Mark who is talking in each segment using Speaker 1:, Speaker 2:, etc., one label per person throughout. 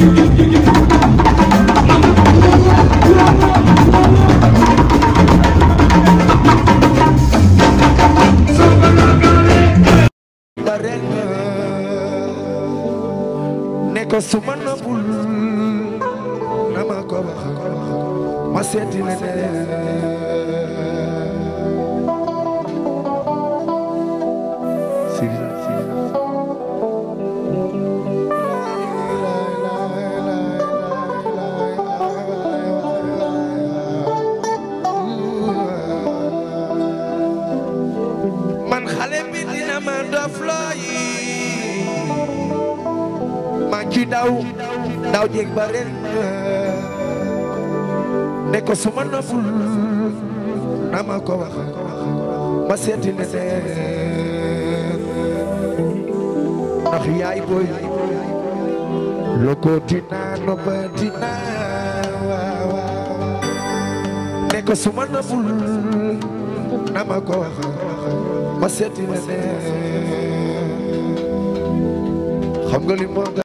Speaker 1: Thank you.
Speaker 2: ko suma noppul na ma ko wax ma seeti ne neen ndax yaay boy loko dina no ba dina waawaa ne ko suma noppul na ma ko wax ma seeti
Speaker 1: ne neen
Speaker 2: xam nga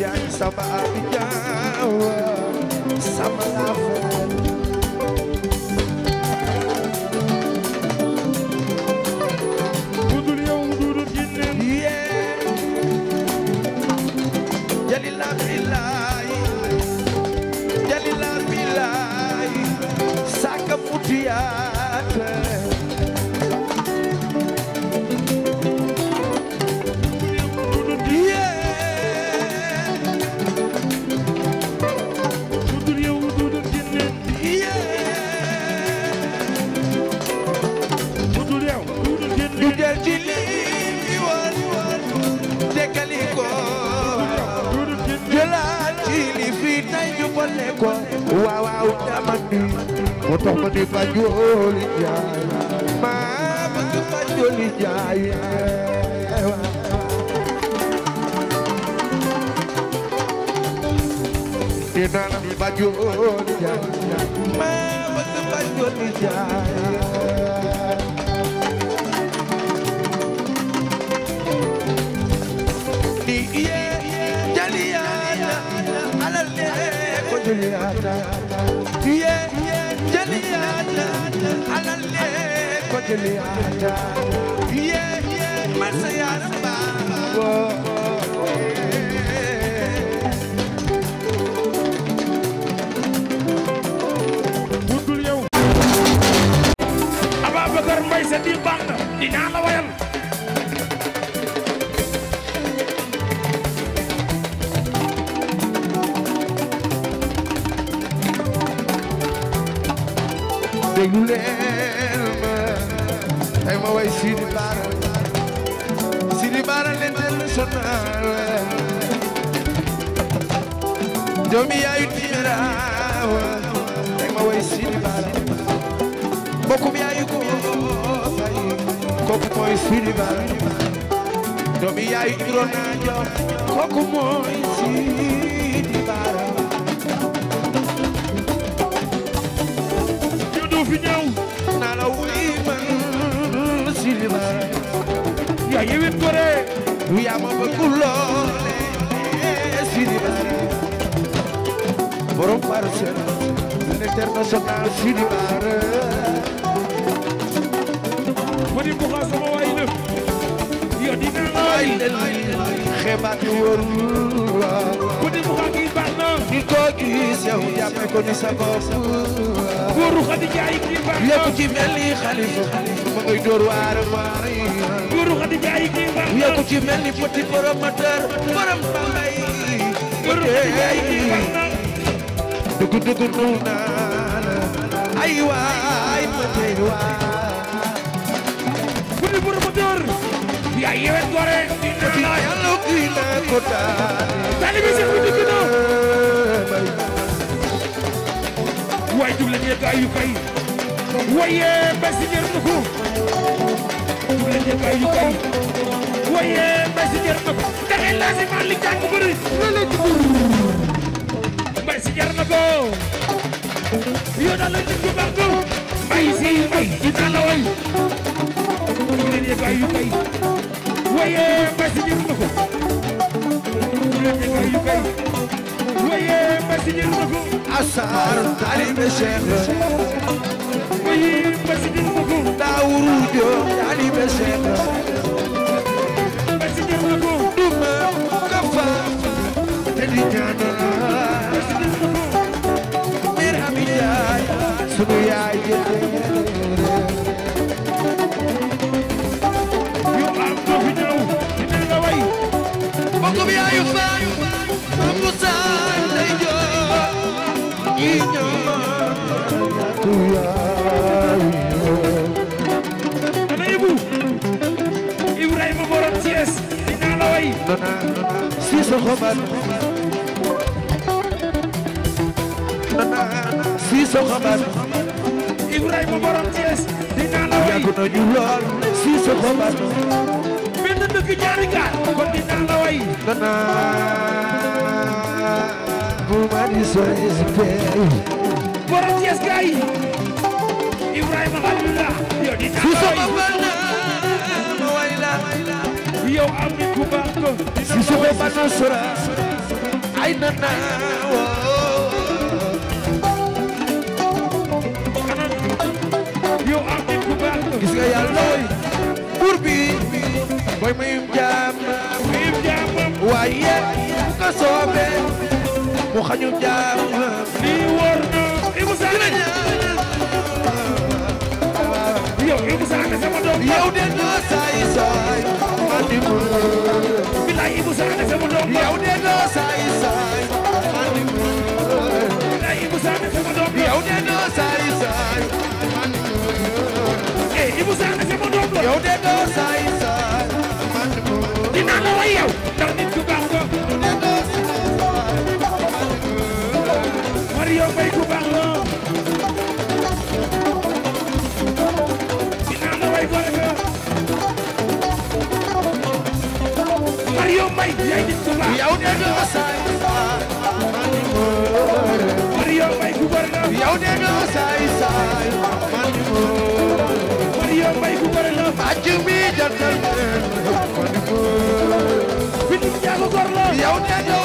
Speaker 2: yaa ngi sama abi jaawa oh, sama laafu ne ko waaw waaw dama ni moo tax ma di jooli jaay maa ma di fa jooli jaay dina maa ma di fa jooli jaay jëliyaata yee jëliyaata alalle ko jëliyaata yee masa yaara baaba Ababakar Mbay sa di baax na dinaa la wayal déglu leen ma tey ma way Sidi Bara Sidi Bara l'international doomi yaayu Timiraawa tey ma way Sidi Bara bokkum yaayu ko fay kooku mooy Sidi Bara doomi yaayu Irona Joor kooku mooy Sidi Bara fi ñëw na la wuy man silima yaa yewit gore yaa ma bëgg loole silima borom parcelle l'international silima ma di buxa sama waay la yo dina ay xebaat wóor nit koo gis yow jàppe ko ni sa bopp góoru Xadija yi kii baax na lépp ci mel ni xalifa ma ngay dóor waar waar yi góoru Xadija yi kii baax na lépp ci mel ni petit promoteur borom Bambay góoru Xadija yi kii baax na dugg dugg nu naa la ay waay ma tey waay petit promoteur yaa yeewet gore di naa la yàlla kii naa ko daal talibi si waay jug leen yeggaay yu kay waye basi njër na ko jug leen yeggaay kay waye basi njër na ko daxe laasimaan li jàng bëri la la jug basi njër na ko yoo daal la jug yu baax ko bay si bay di daal la way jug leen yeggaay yu kay waye basi njër na yu kay مسجد بكو أسعار تعليم الشيخ وي مسجد بكو داور جو تعليم الشيخ مسجد بكو دم كفا تلجانا مسجد بكو مرحبا يا سنو يا يا si soxoban si soxoban Ibrahima borom Thiès dinaa la way yàgg nañu lool si soxoban benn dëkk ñaari gaar kon dinaa la way bu ma di soo espère borom Thiès gaay yow am nit ku baax ko si suufe ba nasara ay na naawa yow am nit ku baax ko gis nga yàlla looy buur bi booy mayum jaam mayum jaam waaye bu ko soobee mu xañu jaam lii wóor na ibu saana yow ibu saana sama doom yow de nga saay saay billahi Ibou Sané sama doom yow de doo saay saay billahi Ibou Sané sama doom yow de doo saay saay eh Ibou Sané sama doom yow de doo saay saay dinaa la way yow mbay yaay nit ku baax yow de nga saay man ni moor bari yow mbay ku bari la yow de nga saay saay man ni moor bari yow mbay ku bari la acc mi jantal man ni moor bi nit ñaa ko gor la yow de nga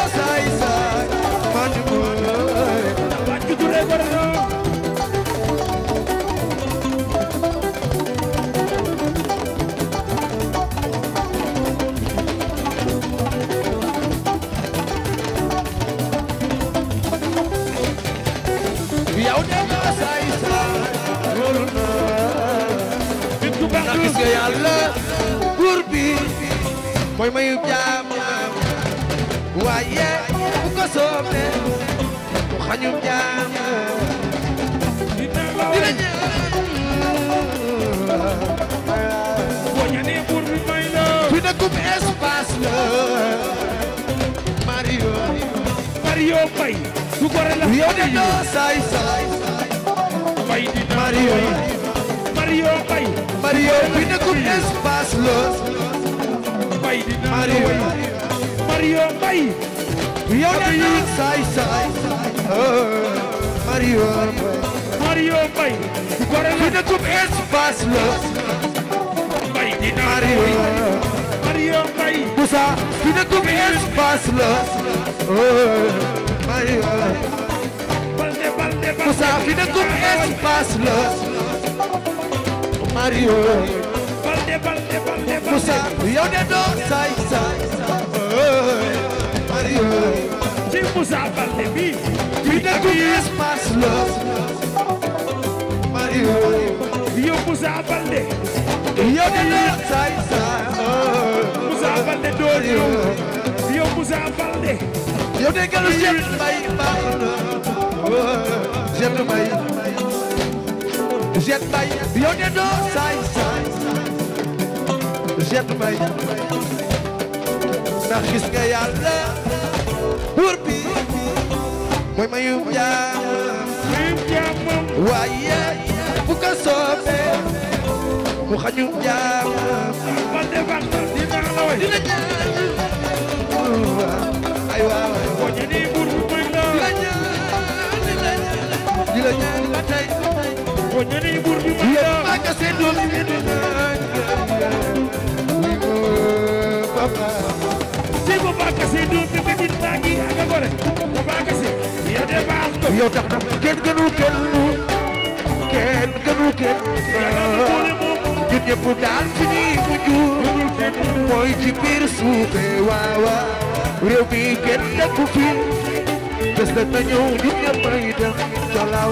Speaker 2: ma mayu jaam waaye bu ko soobee mu xañu jaam dina ñëw boo bi may la fi nekkub espace la Mario Mario Mbaye du la yow de doo saay saay Mbaye dina Mario Mario Mbaye Mario fi nekkub espace la way dinaa la way Mario Mbay yow saay saay Mario Mbay Mario Mbay gore la dina tub espace la Mbay Mbay Moussa dina tub espace la Mario Balde balde balde Moussa dina tub ku set yow de doon saay saay Mario ci Moussa Baldé bi ci dëkk bi espace la Mario yow Moussa Baldé yow de doon saay saay Moussa eh, eh, Baldé doon yow yow Moussa Baldé yow de galu jëm bay baax eh, na jëm bay jëm bay yow de doon saay saay Cheikh Mbaye ndax gis nga yàlla buur bi mooy mayu jaam waaye bu ko soobee mu xañu jaam dina ñaan ay waaw dina ñaan la tey ko ñani buur bi ma Sebo Bakassi doo tëgg nit naa ngi ak a gore ba Bakassi yow de baax ko yow tax na kenn gënu kenn kenn gënu kenn ñun ñëpp daal fi ñuy mujj mooy ci biir suufe waawa réew mi kenn nekku fi des na ñëw ñun ñëpp ay dem jolaaw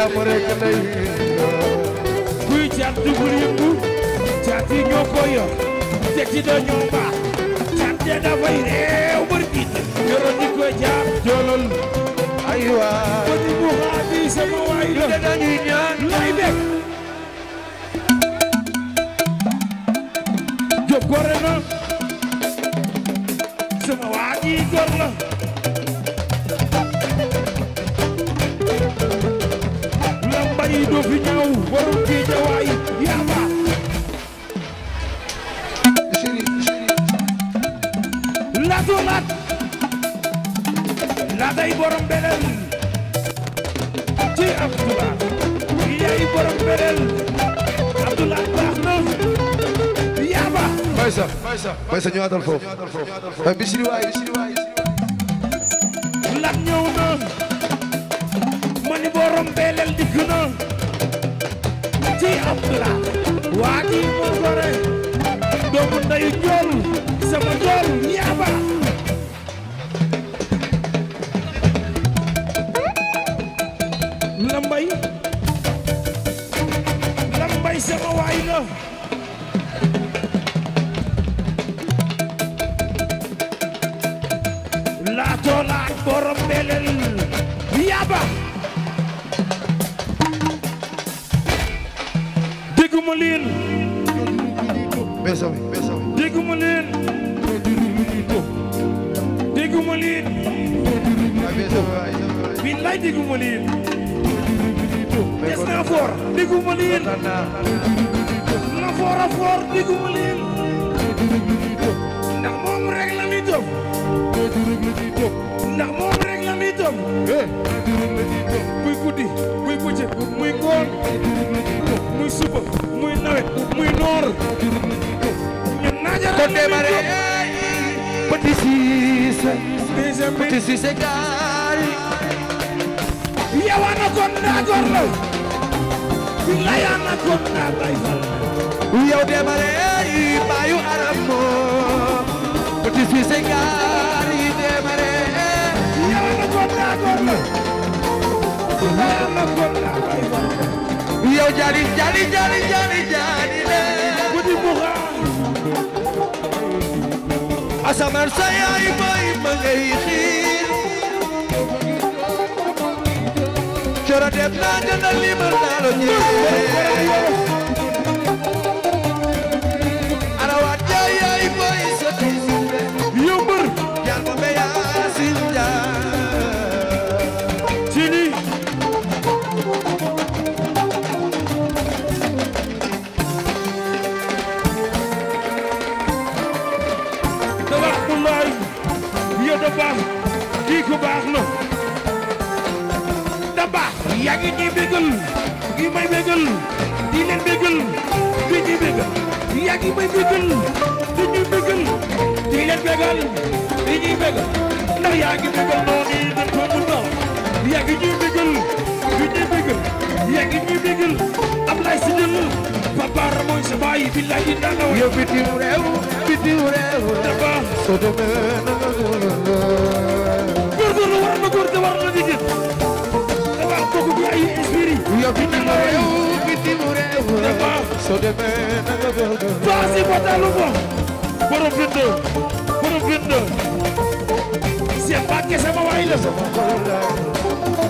Speaker 2: jàmm rek lay kuy caat dugub yëngu caat yi ñoo ko yor teg ci dañoo duruñ la ñuy topp ndax moom rek la ñuy topp eh duruñ la ñuy topp muy guddi muy bëccëg muy ngoon duruñ la ñuy topp muy suba muy nawet muy noor duruñ la ñuy topp ñun naaja kon démarré petit Cissé petit Cissé gaari yawana kon naa góor la billaay ana kon naa bay fal yow démarré baayu arab moo petit Cissé gaari naa góor la waaye am na góor la waaye góor yow jaali jaali jaali jaali jaali leen guddi mu xaar asamaan sa yaay bay ma ngay xiir coro dem naa gënal li ma naa la ñëwee yaa ngi ñuy bégal ngi may bégal di leen bégal di ñuy bégal yaa ngi may bégal di ñuy bégal di leen bégal di ñuy bégal ndax yaa ngi bégal noonu yi dañ ko mun naaw yaa ngi ñuy bégal di ñuy bégal yaa ngi ñuy bégal Ablaye si dënnu papa Ramon sa baay billahi da nga yow bitim réew bitim réew dafa so demee na nga góor góor war na góor te war na di so demee na nga bëgg. Fassi Batalu ma. borom bind. borom bind. Cheikh Mbacké sama waay la. sama xol la.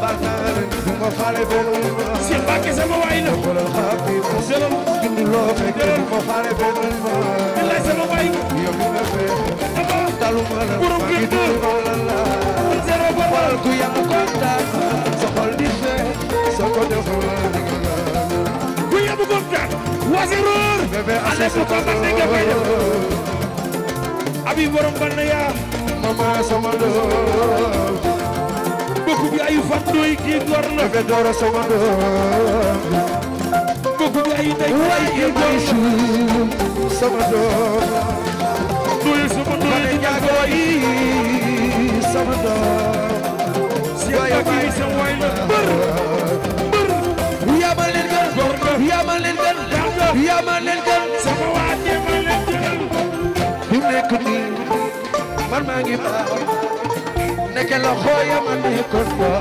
Speaker 2: Bakar du ma faale benn ma. Cheikh Mbacké sama waay la. wala xaar bi ma. jëlal bind loo fekk du ma faale benn ma. billaay sama waay. yow mi nga fee. dama talu ma la. borom bind. maa ngi dund la la. zéro borom. wala ku yàlla kontaan. Guia do Gonzaga, o Azeror, Alepo Comandante Gabriel. Abi Borom Banaya, Mama Samando. Boku bi ayu fatu iki luar na. Bebe Dora Samando. Boku bi ayu tay. Wai Samando. leen gën sama waa jéem a leen gën ñu nekk nii man maa ngi baaw nekk loxo ya ma nekkoon boor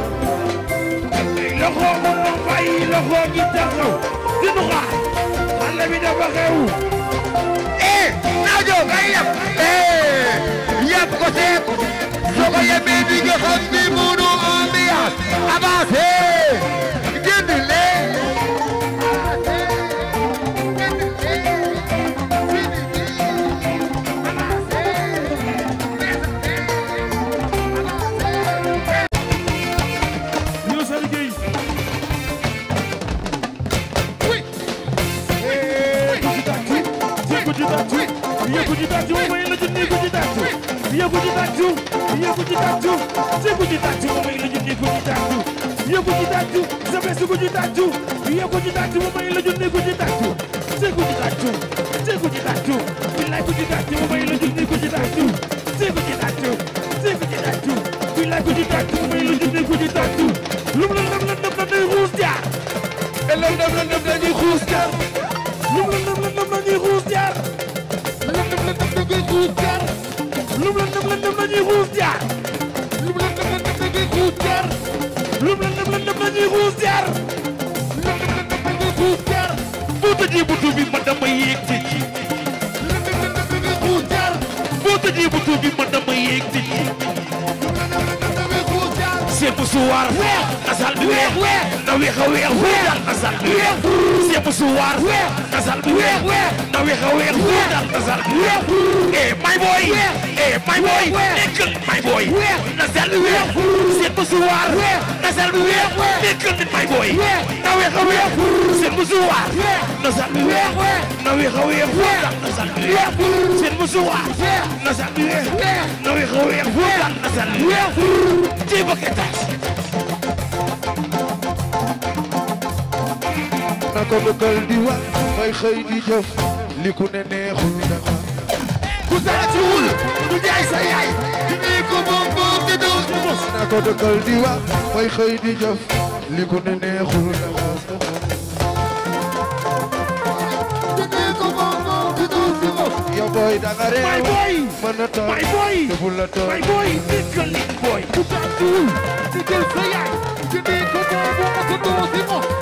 Speaker 2: loxo moom gi taxaw di nu xaar xale bi dafa xew eh naajo ngay yàpp eh yàpp ko seet soo ko yemee bi nga xam ni munu Guji tatu, mama ila junni guji tatu. Dia guji tatu, dia guji tatu. Si guji tatu, mama ila junni guji tatu. Dia guji tatu, sampai si guji tatu. Dia guji tatu, mama ila junni guji tatu. Si guji tatu, si guji tatu. Bila guji tatu, mama ila junni guji tatu. Si guji tatu, si guji tatu. Bila guji tatu, mama ila junni guji tatu. Lum lum lum lum lum lum ruus jaar. Lum lum lum lum lum dañuy ruus jaar. Lum lum lum lum lum dañuy ruus jaar. lëndëm da ngay xuus jaar lu mu lëndëm lëndëm dañuy xuus jaar lu mu lëndëm lëndëm da ngay xuus jaar lu mu lëndëm lëndëm dañuy xuus jaar lëndëm lëndëm da ngay xuus jaar boo tëjee buntu bi man dama yéeg ci ci lëndëm lëndëm da ngay xuus jaar boo tëjee buntu bi man dama yéeg ci ci
Speaker 1: sépp suwaar weex asal bi weex weex na weex a weex weex asal bi weex sépp suwaar weex tasal bu weex weex na weex a weex bu dal tasal
Speaker 2: bu weex eh may boy eh may boy nekkal may boy na sel bu weex seet bu suwaar na sel bu weex nekkal nit may boy na weex a weex seet bu suwaar na sel bu weex na weex a weex bu dal tasal bu weex seet bu suwaar na sel bu weex na weex a weex bu dal tasal bu weex ci bëgg taas ko bëggal di wax may xëy di jëf li ku ne neexul dama ku salatiwul du jaay di nuyu ko moom di doon ko mos di wax may xëy di ku ne neexul dama yow booy danga réew mën a tooy deful la tooy may booy nit ka ku di nuyu ko di doon ko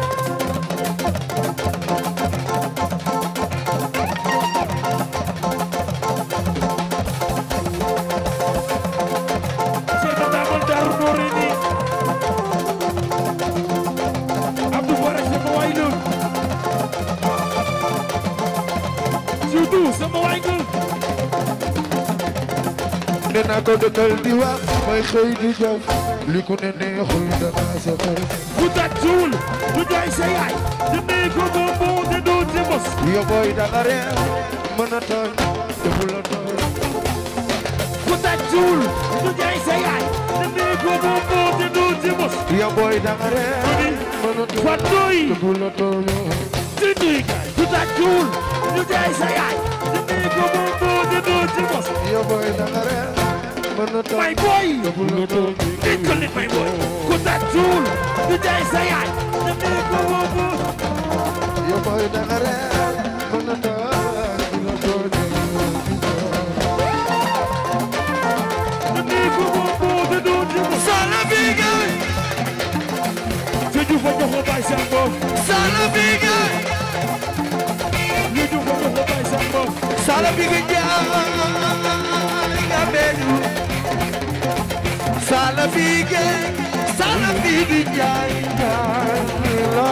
Speaker 2: naa ko dëkkal di wax may xëy di jëf li ku ne neexul danaa sa xëy bu tàccuwul du jooy sa yaay di nuyu ko moom moo te doo ci mos yo booy danga reer mën a tooñ te bu la tooñ bu tàccuwul du jooy sa yaay di nuyu ko moom moo te doo ci mos yo booy danga reer mën a tooñ te bu la tooñ di nuyu du tàccuwul du jooy sa yaay di nuyu ko moom moo te doo ci mos yo booy danga reer my boy dégg leen my boy ku tàccul du jaay sa yaay na mee ko boobu yow boy da nga reer mën na toog
Speaker 1: na mee ko boobu da doon
Speaker 2: di mu sala biga sa jufa joxo bay sa mboof sala biga lu jufa joxo bay sa mboof sala biga jaa Sana bige, sana bige nyai nyai la.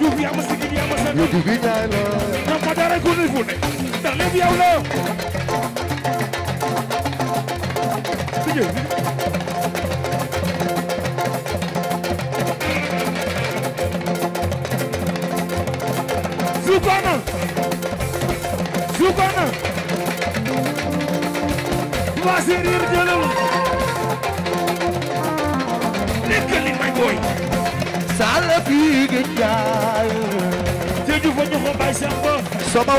Speaker 2: Du via ma sigi via ma sana. Du via nyai la. Na madara kuni fune. Dale via ulo. Sige. Zukana. Zukana. Vazirir gelin. boy sala fi gën jaay te ju fa ñu ma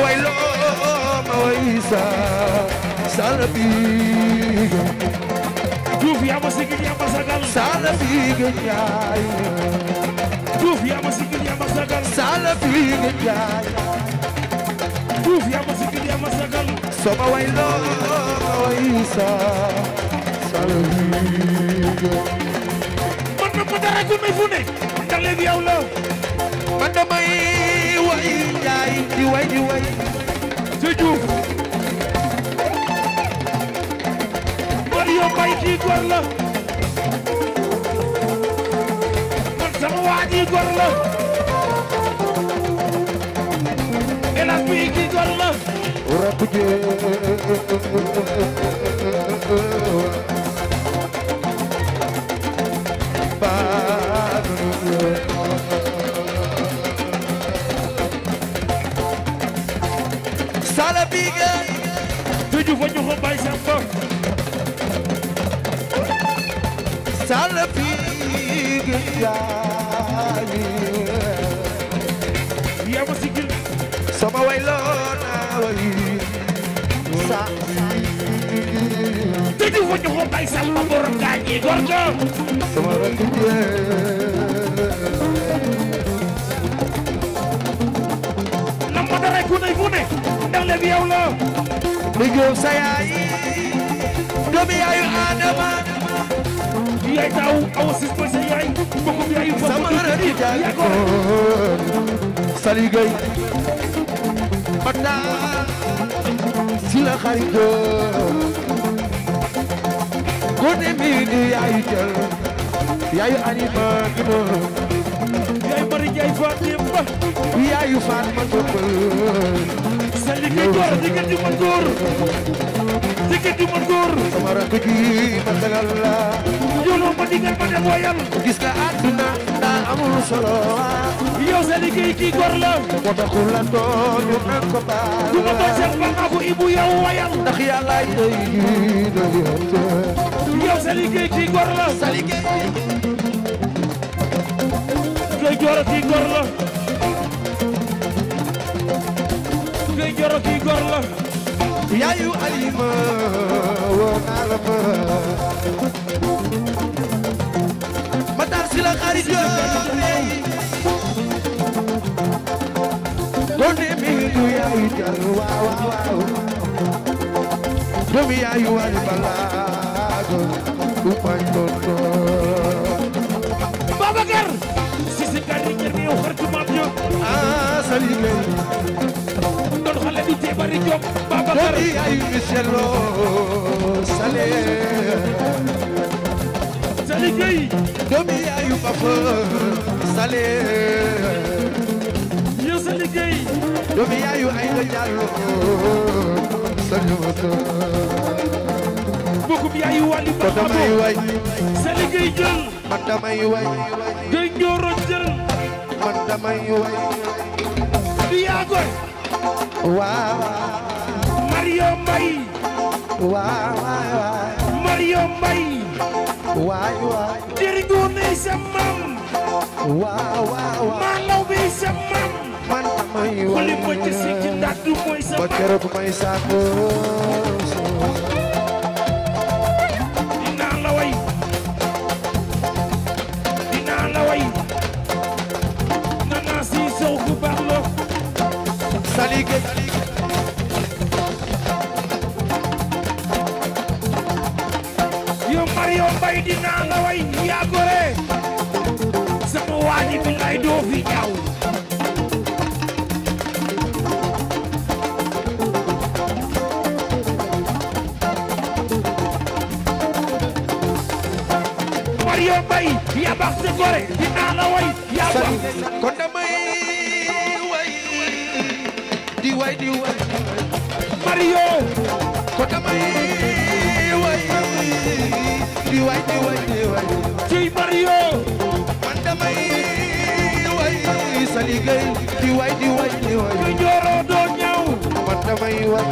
Speaker 2: way ma sigil yaa ma sagal sala fi gën jaay Diouf ma sigil ma sagal sala fi gën jaay Diouf yaa ma ku dara gu may fu ne daleb yow la man damay way njaay di way di way si Mario Mbay kii góor la sama waa ji góor la elas bi kii sala biga tuju fa ñu ko bay sa bopp sala biga yaani yaa ma sigil sama way loona way sa tuju fa ñu ko bay sa bopp borom gaañi gorgo sama way da rek ku ne fu ne ndax léegi yow la liggéeyu sa yaay doomi yaayu Adama yaay taw awa sis ma sa yaay mbokku yaayu sama rëdd jaay ko Sali Gueye Bata si la xarit gone mi di yaayu jël yaayu anima gi liggéey Fatima yaayu Fatma Jokalante sa liggéey góor liggéey du ma góor liggéey du ma góor sama rakk ji ma tegal la yooloo ma digal ma dem wayal gis nga àdduna daa amul solo yow sa liggéey kii góor la moo taxul la doon ñu naan ko baal du ma ba seen ba abu ibu yow wayal ndax yàlla yi doy
Speaker 1: doy yow
Speaker 2: sa liggéey kii góor la sa liggéey Ndeye Dior kii góor la Ndeye Dior kii góor la yaayu Alima woo naa la ma ma taal si la xarit yooyu miiru yaayu jar waaw waaw doomi yaayu Alima laa doon du ma doon doon Babacar sali leen doon xale bi te bari jom Babacar di ay Michel Lo Salé Salé Gueye doomi ayu Bafa Salé yo Salé Gueye doomi ayu Aïda Diallo Salé bokum yayu wali ba damay way Salé Gueye jël man damay way gën jooro jël man damay way waaw Mario Mbaye waaw waaw Mario Mbaye waay waay jërëjëf ne sa maam waaw waaw maa law bi sa maam man tamay waay waay ba keroog may sa waay dinaa a way yaa gore sama waaji billaay doo fi ñaaw Mario Bay yaa baax sa gore dinaa nga way yaa baax kon damay way di way di way Mario kon di way di way di way ciy bari yoo man damay way sa liggéey di way di way di way ku jooroo doo ñaw man damay way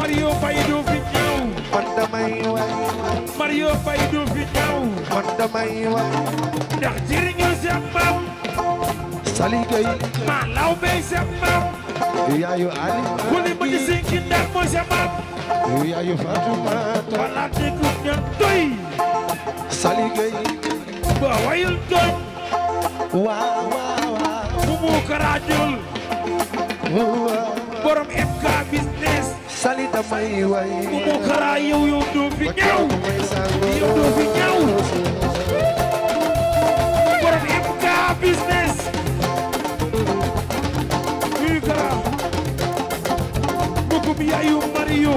Speaker 2: Mario Faye doo fi ñaw man damay way Mario Faye doo fi ñaw man damay way ndax jëriñu sa maam sa liggéey maa law bey sa maam yaayu Ali ku li ma di sinki ndax mooy sa maam yaayu Fatou Mata wala dégg ña doy gay ba wayul doon waaw waaw bu mu karaajul borom MK business sali damay way bu mu karaa yow yow doo fi ñëw yow doo fi ñëw borom MK business bu mu karaa bu mu yaayu Mario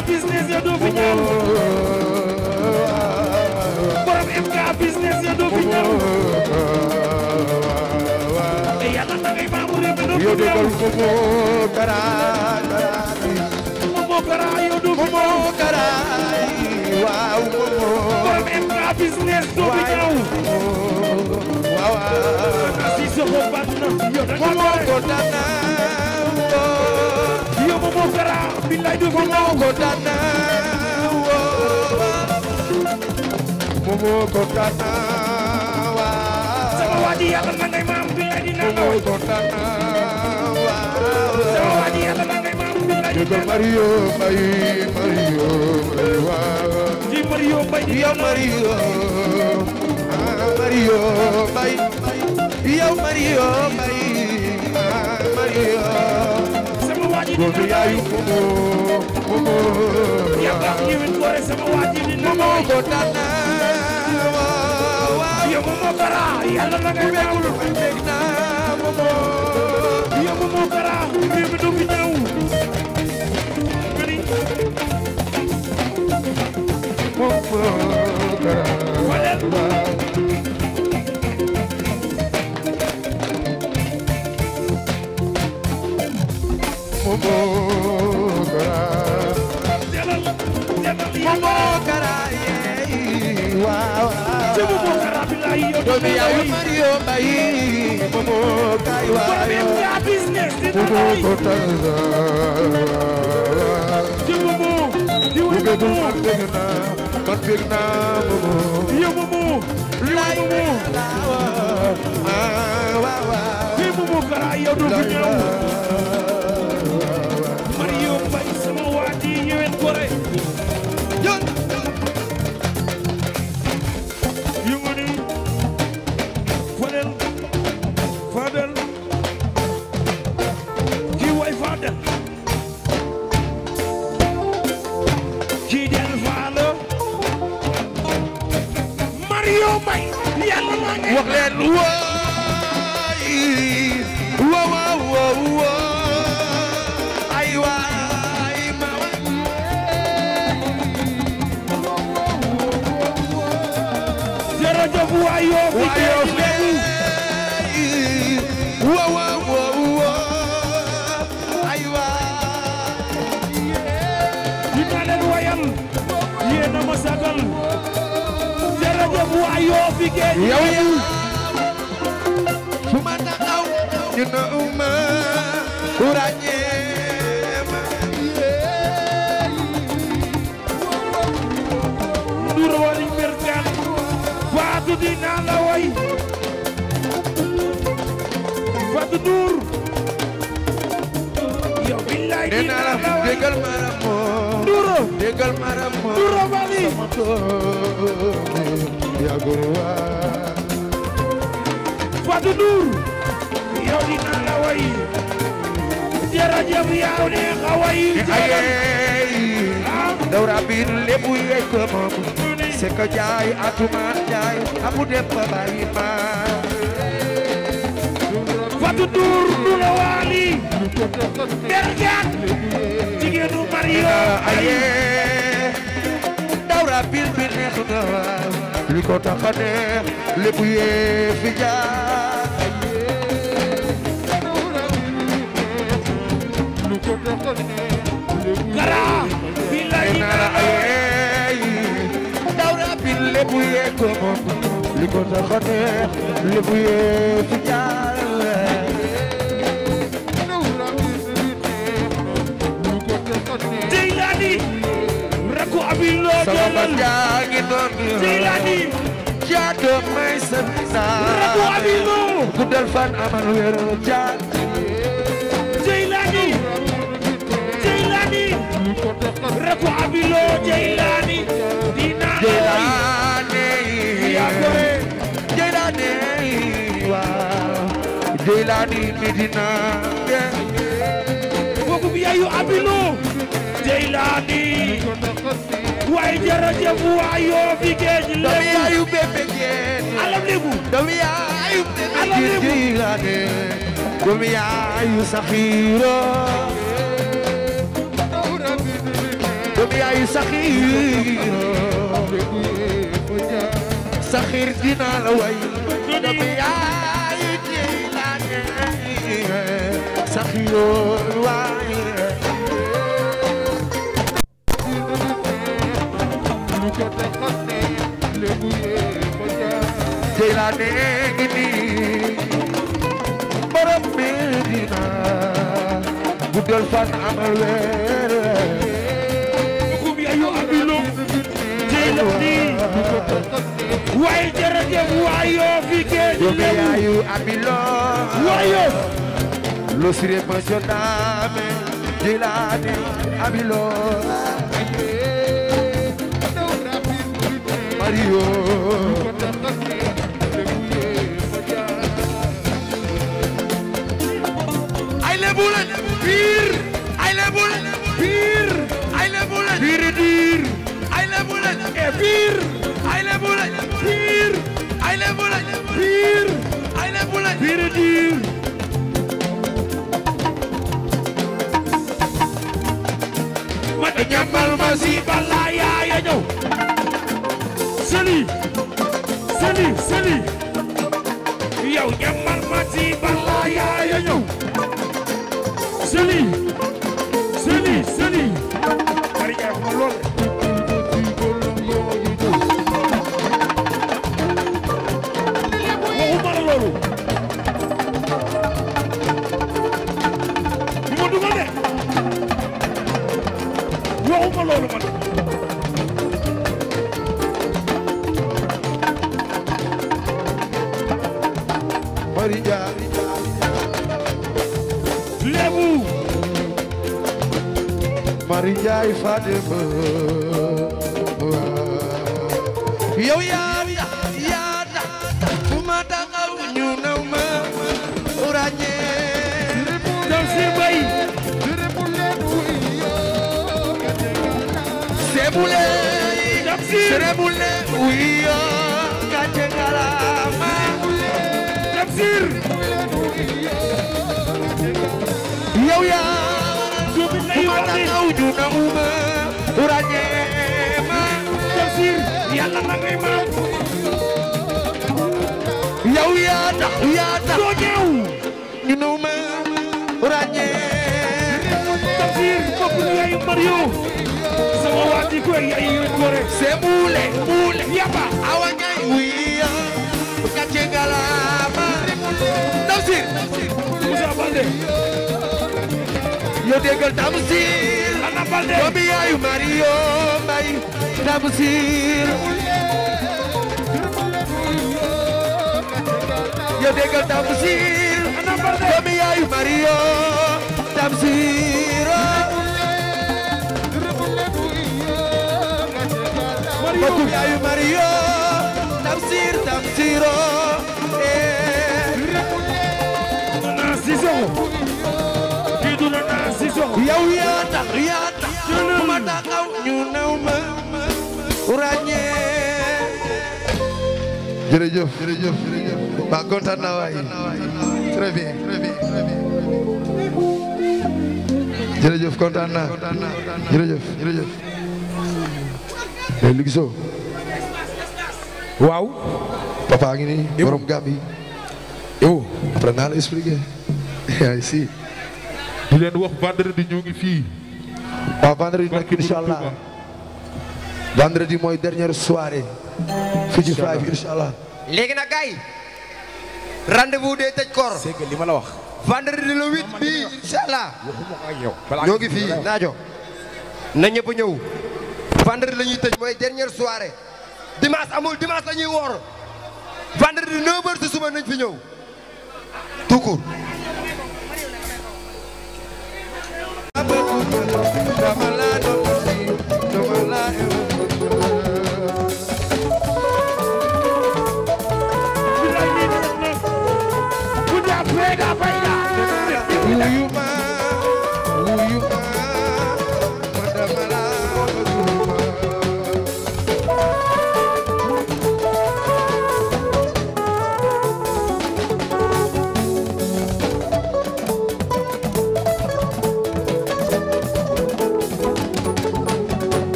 Speaker 2: MK business ya doo fi ñëw borom
Speaker 1: MK business ya doo fi ñëw yàlla na ngay maamu réew mi doo fi ñëw yow déggal
Speaker 2: Momo Karaay Momo Karaay yow doo fi ñëw Momo Karaay waaw borom MK business doo fi ñëw waaw waaw si soxo bat na yow da nga ko tànnaaw mu fera billaay du ko moom ko dana woo moom ma ngay maam billaay ma ngay maam billaay góorgóorlu yaayu Momo Momo. yàlla na yéen doore sama waa ji di. Momo ko tànn waaw waaw. yow Momo Kara yàlla na nga ñaaw. mbég naa Momo. yow Momo Kara réew mi doo fi ñëw. Momo Kara. Mubokara Mubokara yeey waaw doomi yaay Mario Mbaye Mubokay waayo Mubokara man bég naa moomu. yow moomu. laay moomu. waaw waaw waaw. kii moomu kala yow doo ko ñëw. yoo may yàlla maa ngi wax leen waay waaw waaw ay waay ma
Speaker 1: jërëjëf waay yoo
Speaker 2: yow fu ma taxaw ñu ne uma ku ràññee ma ndur wari mergan faatu dinaa la way faatu ndur yow billaay dinaa la way dégal ma ramoo dégal ma wali
Speaker 1: yaa góor waay
Speaker 2: Fatou Ndour yow dinaa la way jërëjëf yow ne nga way jërëjëf dawra bi nu lépp yey ko moom se ko jaay atuma jaay amu dem ba bàyyi ma Fatou Ndour du la waali bergat jigéenu Mario aye dawra bil bi neex nga li ko tax a neex lépp yee fi jaar lu ko tax a neex gara bi la yi nara ayey dawra bi lépp yee ko moom li ko tax a neex lépp yee fi jaar Tey la di sama mbal jaa ngi doon jaa doon may sën naa guddal fan amal wér jaa Jeylaani Jeylaani Raku Abilo Jeylaani dinaa Jeylaani Medina boobu bi yaayu Abilo Jeylaani waaye jërëjëf waay yoo fi géej lépp doomu yaayu bébé géej alam lébu doomu yaayu bébé géej Jeylaani doomu yaayu saxiiro saxiir dinaa la way doomu yaayu Jeylaani saxiiro waay ane ngi nii borom Medina guddal fan amal weer bukum yayu abilo jeyna ni waaye jërëjëf waayo fi géej yomi yayu abilo waayo lo sire mensionname jilani abilo Mario Bir aile bulan. Bir aile bulan. Biri dir. Aile bulan. E bir aile bulan. Bir aile bulan. Bir aile bulan. Biri dir. Mata jambal masih balaya ya jauh. Sali. Sali. Sali. joli yow yaa yaa tax ma taxaw ñu naw ma ràññee daw si bay sebule sebule oui na nangay maam yow yaa tax yaa tax soo ñëw ñu nëw ma ràññee tafsir bokk na yaayu Mario sama waati ko ay yaayu gore c'est muule muule yaba awa ñay wiya kacce galama tafsir Moussa Baldé yo déggal tafsir ana Baldé doomi yaayu Mario Mbaye tafsir yo déggal Tamsir doomi yaayu Mario Tamsir bokku yaayu Mario Tamsir Tamsir na saison ki du na saison yow yaa tax yaa tax ñu ma taxaw ñu naw ma ràññee jërëjëf jërëjëf waaw kontaan naa waay très bien jërëjëf kontaan naa jërëjëf jërëjëf léegi gisoo waaw papa ngi nii borom Gàmbi yow après naa la expliqué yaay si di leen wax vendredi ñoo ngi fii waaw vendredi nag insha allah vendredi mooy dernière soirée fii ci Five insha allah léegi nag gars yi rendez-vous day tëj koor. c'est li ma la wax. vendredi le 8 bii incha allah. ñoo gi fii naajo. na ñëpp ñëw. vendredi la ñuy tëj mooy dernière soirée. dimanche amul dimanche la ñuy woor. vendredi 9 si suba nañ fi ñëw. tout nuyu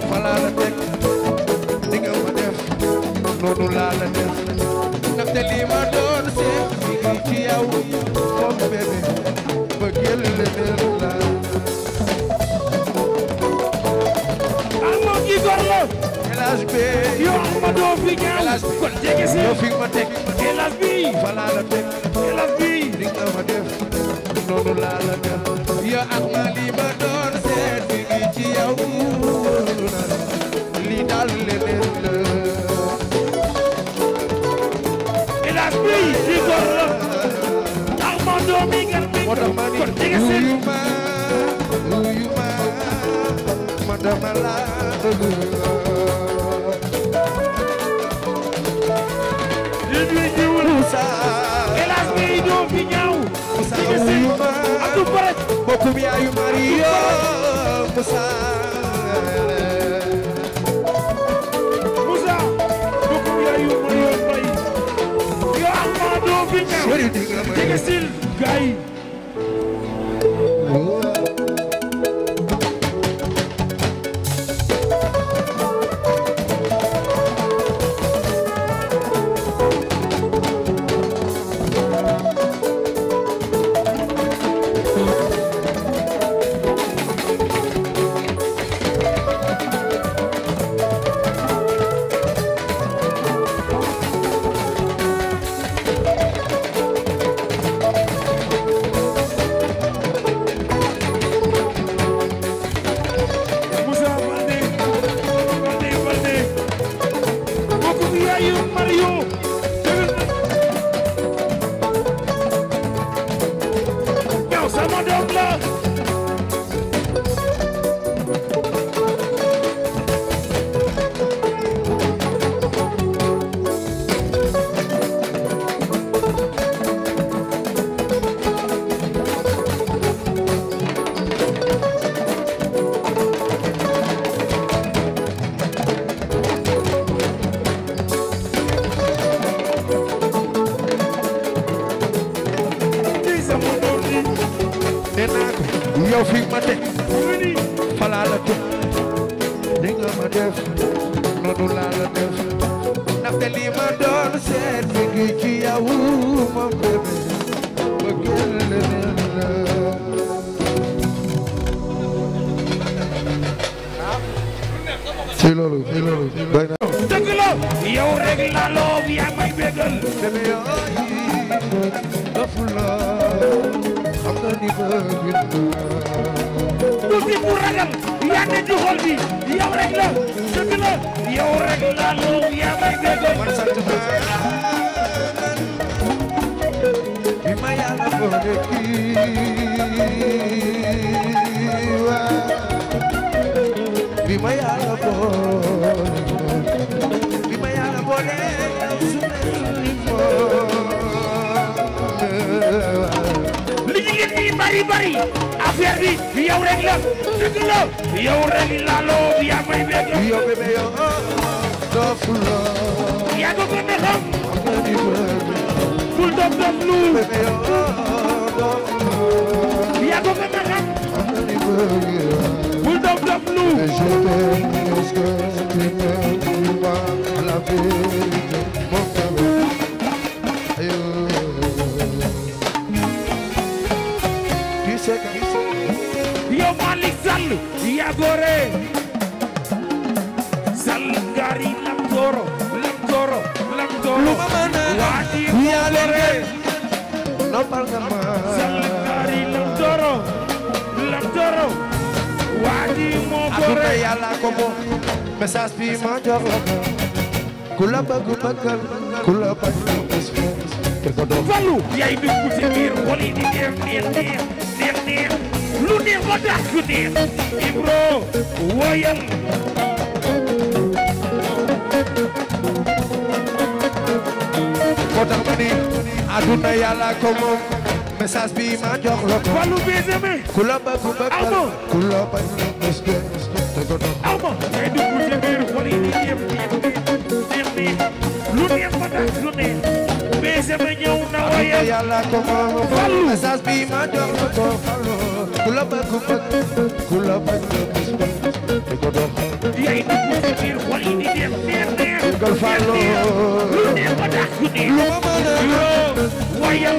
Speaker 2: falaa la teg ni nga ma def noonu laa la def ndaxte lii ma doon seet fii ci yow moom bébé bëggeel leneen la amoon gi gor la hélas bi yow ma doo fi ñaaw kon jege si yow fi ma teg hélas bi falaa la teg hélas bi ni nga ma def noonu laa la def yow ak ma lii ma doon moo tax ma ni wuyu ma wuyu ma ma dama la bëgg yéen ñi ñëwul Moussa hélas ngay ñëw fi ñaaw Moussa wuyu ma Abdou Baraj bokkum yaayu Mario Moussa Sëriñ Diga Maye Diga Sil gaay bari affaire bi bi yow rek la dëgg la yow rek la loo bi yaa may bëgg yow bébé yow dof lo yaa ko gën a xam bul dof dof lu bébé yow Bul dof dof lu Je t'aime jusqu'à ce que tu m'aimes pas la vérité mon frère Qui c'est qui c'est Yow Malick Sall yaa góore Sall gari lam toro lam toro lam toro Lu ma mën a yaa leen noppal nga ma waa ji moo ko raw yàlla bi ma jox la ku la la bañ fallu yaay dugg ci biir xol yi di neex neex neex neex neex lu neex ba ku neex ibro woyal moo tax ma message bi ma jox la ko. wàllu biir demee. ku la bëgg bëgg. aw ma ku la bañ la bés bés. aw ma. ngay dugg ci biir xol yi di yem di yem lu neex ba tax lu neex. bés ma ñëw na waaye. yàlla ko moom. wàllu message bi ma jox la ko. ku la bëgg bëgg. ku la bañ la bés bés. ngay dugg ci biir xol yi di yem di yem di yem. lu neex ba tax lu neex. lu ma mën a. wayal.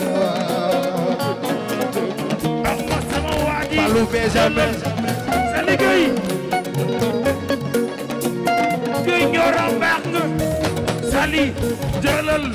Speaker 2: couper jamais Sani Gueye Gueye ñoo raw baax nga Sani jëlal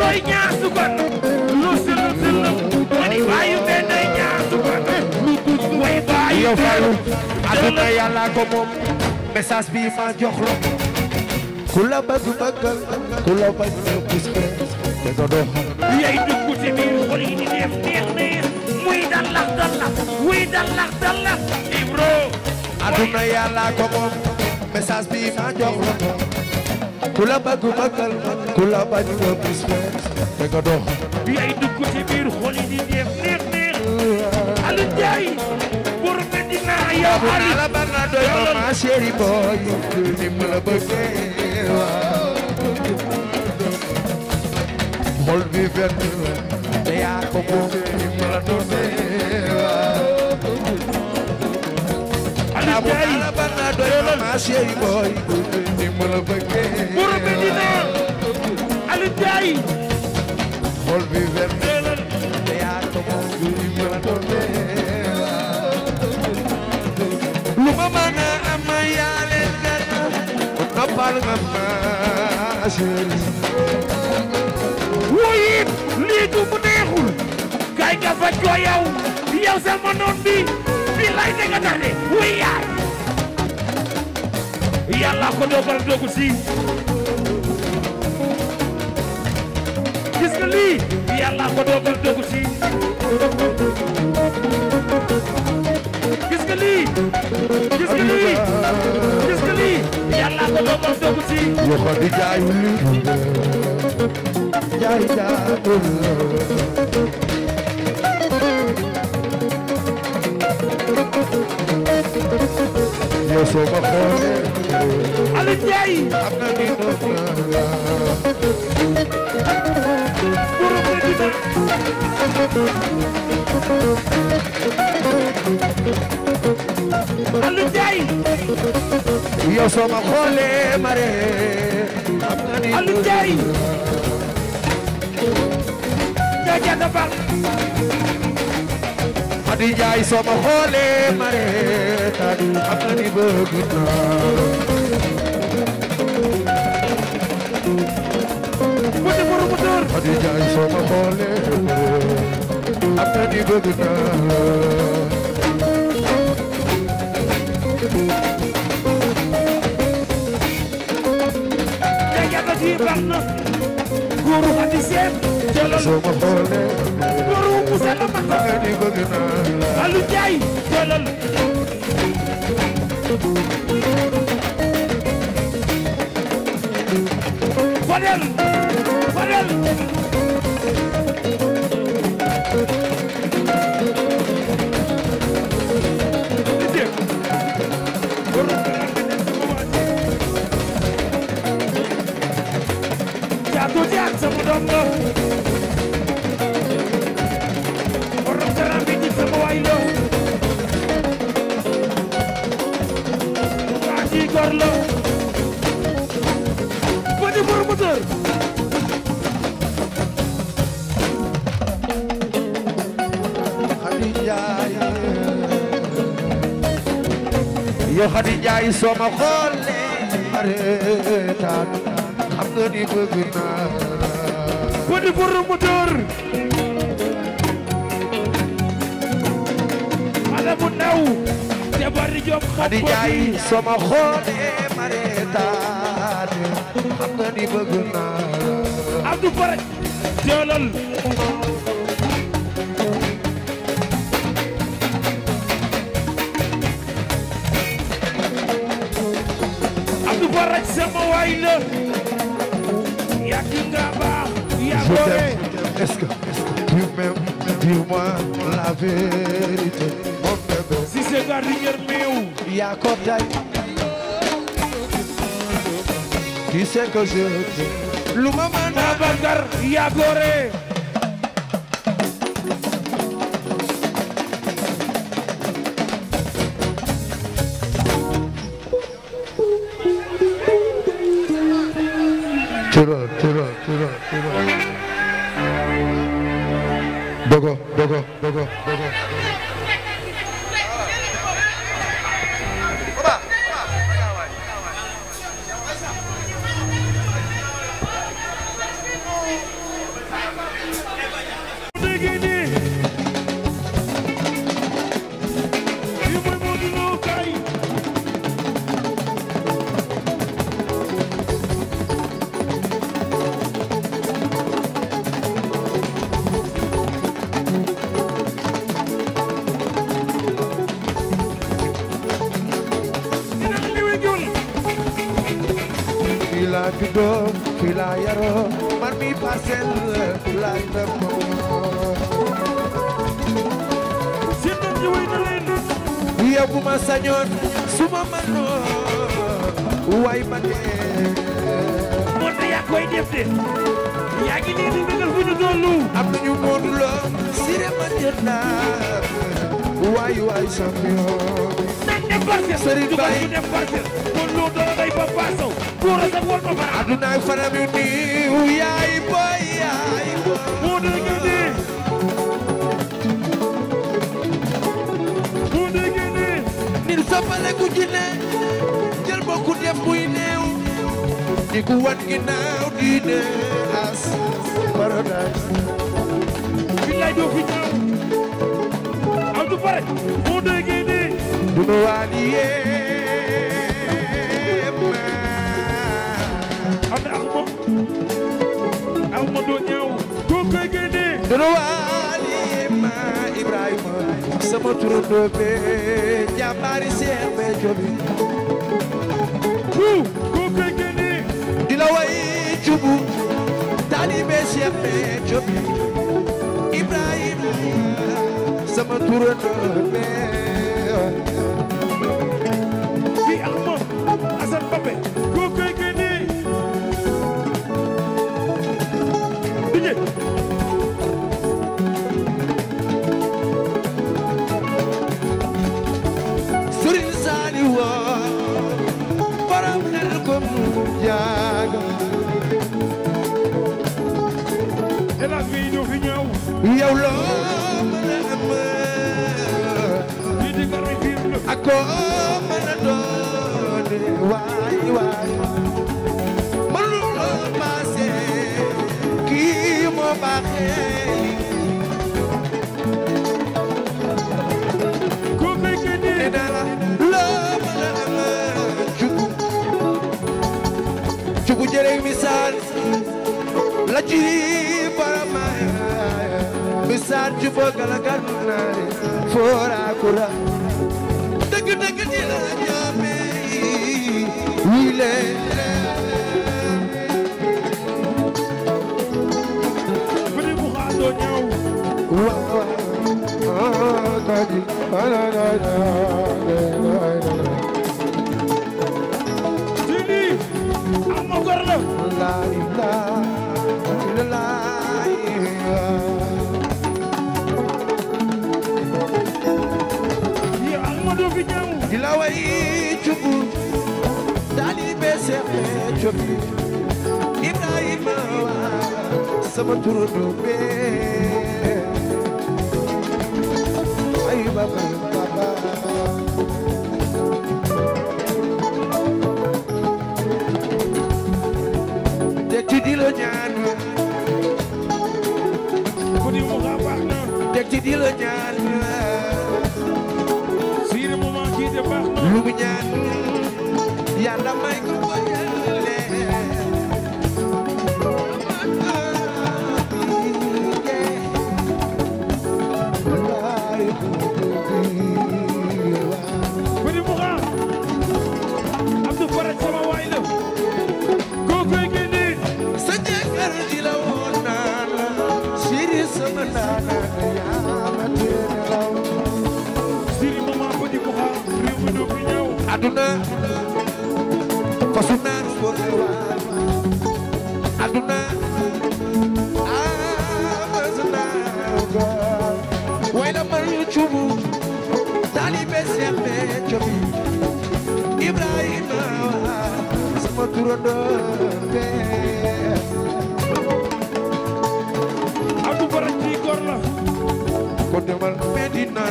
Speaker 1: looy ñaasu ban lu sëlëm sëlëm mani waayu
Speaker 2: benn ñaasu ban lu dut way baayu benn aduna yàlla ko moom message bi ma jox la ku la bëgg bëggal ku la bëgg la pus ko te ko doo
Speaker 1: xam yay dugg ci biir xol yi di neex neex neex
Speaker 2: muy dallax dallax muy dallax dallax ibro aduna yàlla ko moom message bi ma jox la ku la bëgg bëggal ku la bañ nga bis te nga dox bi ay dugg ci biir xol yi di def neex neex Aliou Ndiaye pour Medina bi fenn yaa ko moom ni ma la doonee Aliou Ndiaye la barna doy ma boy buur Medina Aliou Ndiaye xol bi wér lu ma mën a am yaa leen gën noppal nga ma chéri wuyi lii du mu neexul kay nga fa joo yow yow sama noon bi bi lay ne nga tax de wuy yaay yàlla ko dogal dogu si yàlla ko dogal dëggu si gis nga lii gis nga lii gis nga lii yàlla ko dogal dëggu si yoxo di jaay
Speaker 1: jaay jaay Yo soy Aliou Ndiaye. Aliou Ndiaye. yow soo ma xoolee ma
Speaker 2: ree. Aliou Ndiaye. Ndiaye Diatta Fall. Khady Ndiaye soo ma xoolee ma ree Khady xam nga ni bëgg naa mu demoon mu door Khady Ndiaye soo ma xoolee ma ree xam nga ni bëgg naa guru fati seen
Speaker 1: jëlal guru
Speaker 2: bu sell ma ko alu jaay jëlal
Speaker 1: fadel fadel
Speaker 2: ku jaag sama doom la borom saram bi di sama waay la kaa di góor la ba di promoteur yoo Xadi Njaay soo ma xoolee areetaan am nga ni bëgg naa a burnu bu ndaw te bari jom Khady Ndiaye sama xoolee ma reetaan xam nga ni bëgg naa la Abdou Pare teelal Abdou Pare sama waay la yàgg Je Est-ce que, est-ce que moi la vérité, mon bébé. Si c'est la rivière Yaa ko tey. Tu que je t'aime. Lu ma mën a yaa góore. ma sañoon su ma mënoon waay ma dee. Modou yaa koy def de yaa ngi nii di dëggal fu ñu tollu. am nañu Modou Lo Siré Madina waay waay
Speaker 1: champion.
Speaker 2: Serigne Baye kon lu doon day ba paasaw pour sa wol ba pare. adunaay fanam yu néew yaay boy yaay boy. soppale ku jinne jël bokku def muy néew di ku wan ginnaaw diine as paradise billaay doo fi ñaaw am du pare moo déggee ni dunu waaliye am na ak moom aw ma doo ñaaw doo koy génnee dunu waa sama turandoo bee jàmbaari Seex Béthio bi ku ku bëgg ni di la way jubu taalibe Seex Béthio bi Ibrahima sama turandoo bee yow loo mën a am ak koo mën a doone waay waay mënuloo paase kii moo baaxee ku fekk ni dara loo mën
Speaker 1: a am
Speaker 2: jugu jugu jërëjëf misaal la ci sarju bogala gannaare foora kura dëgg dëgg ni la ñaame wii leen bari bu xaadoo ñaw
Speaker 1: waaw waaw kaji ana na na na na
Speaker 2: sini ama gor la la la la la di la way cubu taalibe Seex bi Ibrahima waa sama turandoo bee ay baba di la ñaan ku di mu nga baax na te di la ñaan bu ñaan yàlla may ko aduna fasu naaru góor ay waay aduna ah fasu naaru góor way la mën cubu taalibe sembe cobi Ibrahima sama turandoo Abdou Bara ci góor la ko demal Medina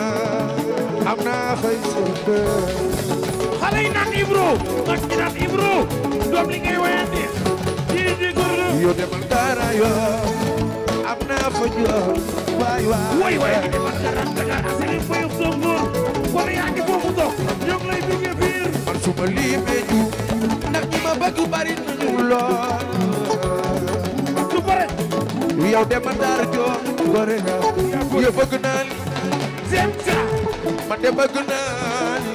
Speaker 2: am naa xëy xale yi naan Ibro mag ñi naan Ibro doom li ngay wayante yii di góor yoo demal dara yoo am naa fa joor waay waay waay di demal dara Dakar asali fayu songoor kon yaa ngi foofu dox ñoo ngi lay bëgg biir man su ma liimee ju ndax ñi ma bëgg bari nañu lool su pare yow demal dara joor gore nga yow bëgg naa li seen sa man de bëgg naa li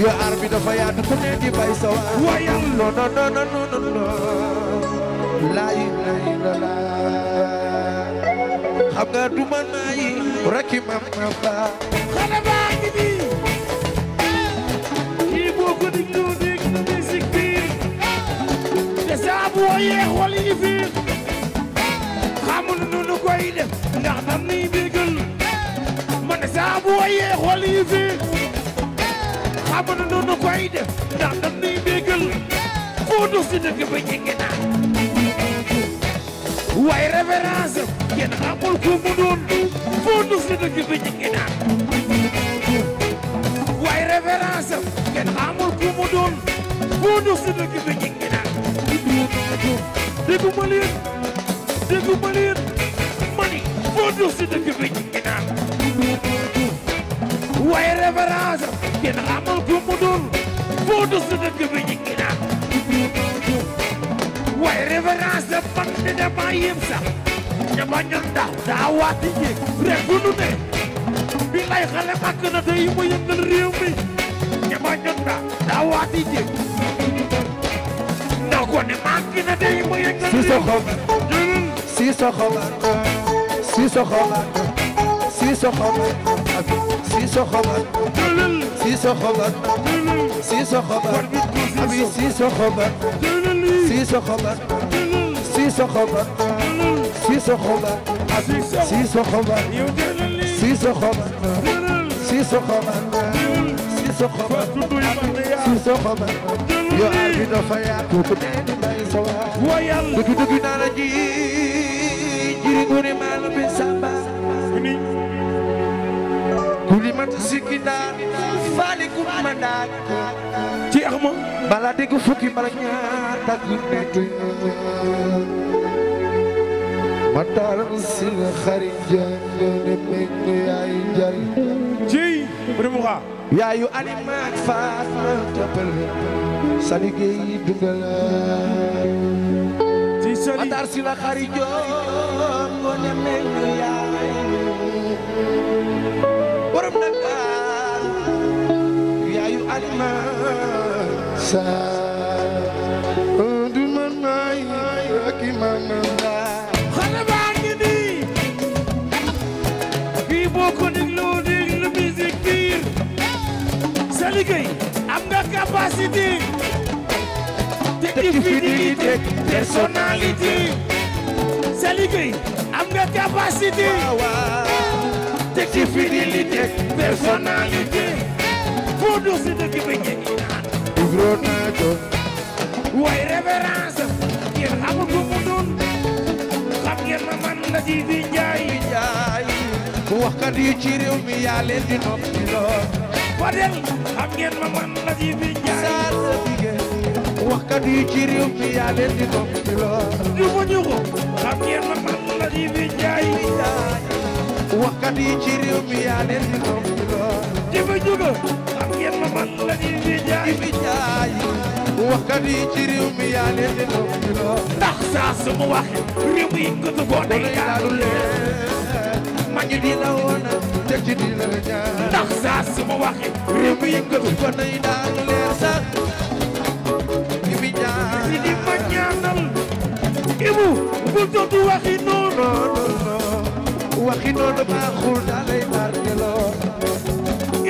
Speaker 2: yo aar bi dafa yaatu ku ne di bay sa waa. waaye am na non non non non non. nga du man rakki mam ma ba
Speaker 1: xale baa ngi nii
Speaker 2: kii boo ko diglu dégg na musique bi te saa bu xol yi fiir xamul nu nu koy def ndax dam nuy bégal ma ne saa bu xol yi fiir xamul nu nu koy def ndax dam nuy bégal foo dox si dëkk ba jege naa waaye référence kenn amul ku mu doon foo dus na dëkk bi ñu ngi naan waaye référence am kenn amul ku mu doon foo dus na dëkk bi ñu ngi naan déggu ma leen déggu ma leen mani foo dus na dëkk bi ñu ngi naan waaye référence am kenn amul ku mu doon foo dus na dëkk bi ñu ngi naan waaye référence am man de dama yem sax te bañ a daaw daawaati jéeg rek bu nu ne bi lay xale màgg na tey ma yëngal réew mi te bañ a daaw daawaati jéeg ndax gone màgg na tey ma yëngal réew mi si soxom si soxom si soxom si soxom si soxom si soxom si soxom abi si soxom si soxom si soxom Cissé Khobar Cissé Khobar Cissé Khobar Cissé Khobar Cissé Khobar Cissé Khobar yo abi dafa yaatu ku ne may sawar wa yàlla dugg dugg naa la ji jiri ngu ne maa la bi samba kuli mat sikki daan faali ku ma daan ci axma bala dégg fukki bala ñaar tag ne mataram si nga xarit jëndee mbégte yaay jëriñ. ji. yaayu Alima ak Fatma toppal Sani Gueye dundal. ci Sani mataar si la xarit joo ko demee ñu yaay. borom Dakar yaayu Alima liggéey am nga capacité te divinité personnalité sa liggéey am nga capacité te divinité personnalité foo doo si dëkk ba ñeegi naan dugroo naa jox way révérence ngeen amul ko mu doon xam ngeen ma man la di di njaay njaay waxkat yi ci réew di nopp di lool xam ngeen ma man di topp di lool di mu ñu ko xam bi njaay di topp di lool di mu ma man na ji bi bi njaay waxkat yi ci réew mi di topp di lool ndax saa su mu waxe réew mi gaalu leen ma ñu di la woon teg ci di la ñaan ndax saa su ma waxee réew mi yëngatu kon nay daanu leer sax i mi ñaan si di ma ñaanal ibu bul tontu waxi noonu waxi noonu baaxul daa lay barkeloo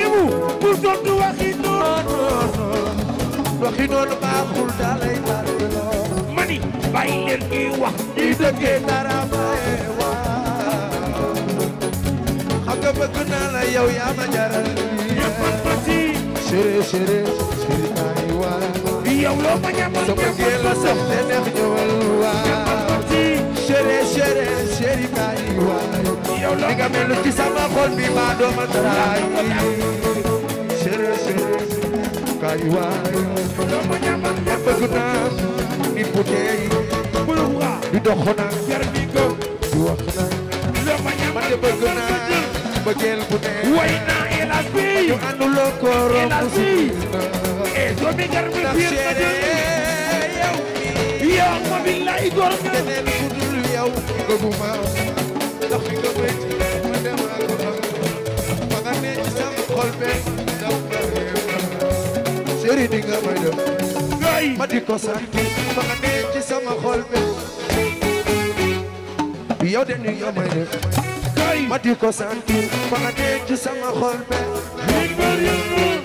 Speaker 2: ibu bul tontu waxi noonu waxi noonu baaxul daa lay barkeloo mani bàyyi leen bëgg naa la yow yaa ma jaral chéri chéri chéri ay waa
Speaker 1: yow loo ma ñamal sama ngeen la sax
Speaker 2: te neex ñëwal waa chéri chéri chéri ay waa yow loo ma traay chéri chéri
Speaker 1: kay waa loo ma
Speaker 2: ñamal bëgg naa ni bouteille bi ko di wax naa loo ma ñamal bëgg naa mbëggeel bu ne way na elas bi ñu àndu loo ko romb si e doomi gar mi fiir na dëgg yow ma billaay góor nga keneen ku dul yow gëguma ndax fi nga bëj ma dem ak ma nga ne ci sama xol be daw ma réew séri di nga may def ma di ko sant ma nga ne ci sama xol be yow de ni nga may def ma di ko sentir ba nga dee ci sama xol be min bal yëngul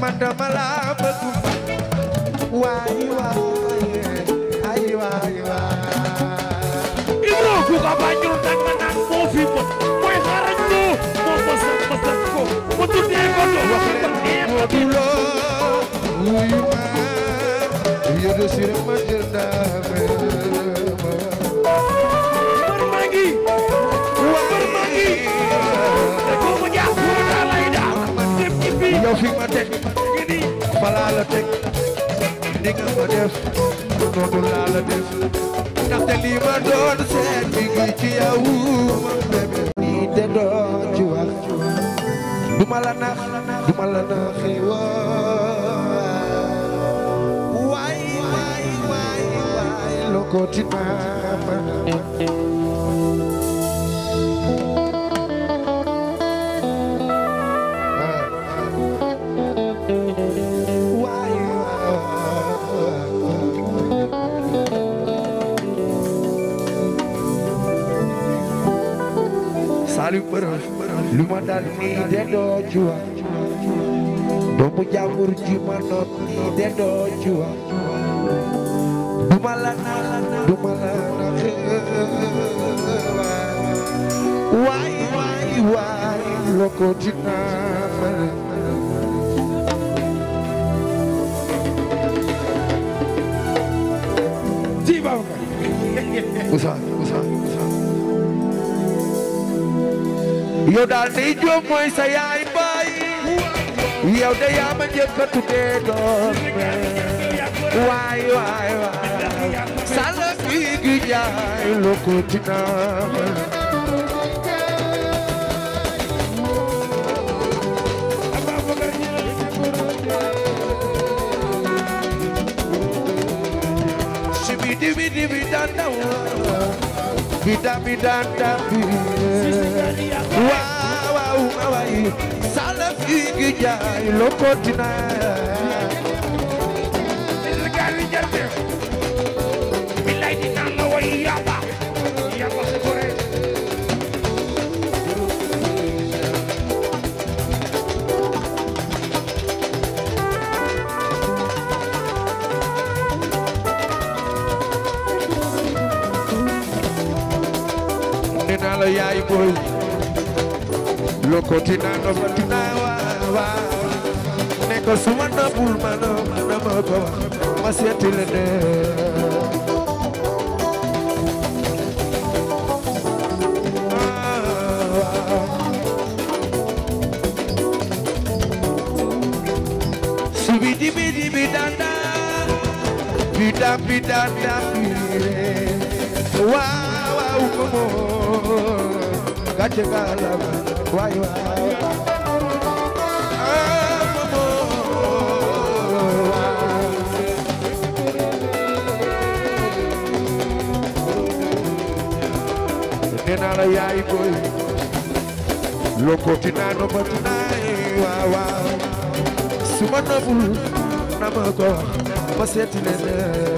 Speaker 2: man dama laa bëgg waay waay ay waay waay ibro ku ko bañul tan ma naan moo fi xarañ loo moo ko sant ma sant ko ma tuddee ko loo wax ko neex ma di loo wuyu ma
Speaker 1: yëre si rek
Speaker 2: yow fi ma teg balaa la teg ni nga ma def noonu laa la def ndaxte li ma doon seet mi ngi ci yow man bébé nii te doon ci wax du ma la nax du ma la naxee waay waay waay waay loo ko ti ma Aliou Bërëm lu ma dal nii de doo ci wax doomu jàmbur ji ma noot nii de doo ci wax du ma la na du ma la na waay waay waay lokoti naa ma la.
Speaker 1: Ousseynou Ousseynou.
Speaker 2: yow daal day jóom mooy sa yaay baay yow de yaa ma njëkk a tuddee doon waay waay waay sala bi gi jaay lo ko dinaama sibi dibi dibi dandawa bida bida dabi waaw waaw ma waay salaf yi gi jaay lokotina yaay boy lokotina nobatina waawa ne ko suma nabul mana mana ma ko wax ma seeti leneen bida bida bida bida wow wow come on ci galam waay waay nena la yaay boy su ma nabul na ma ko ma seeti leen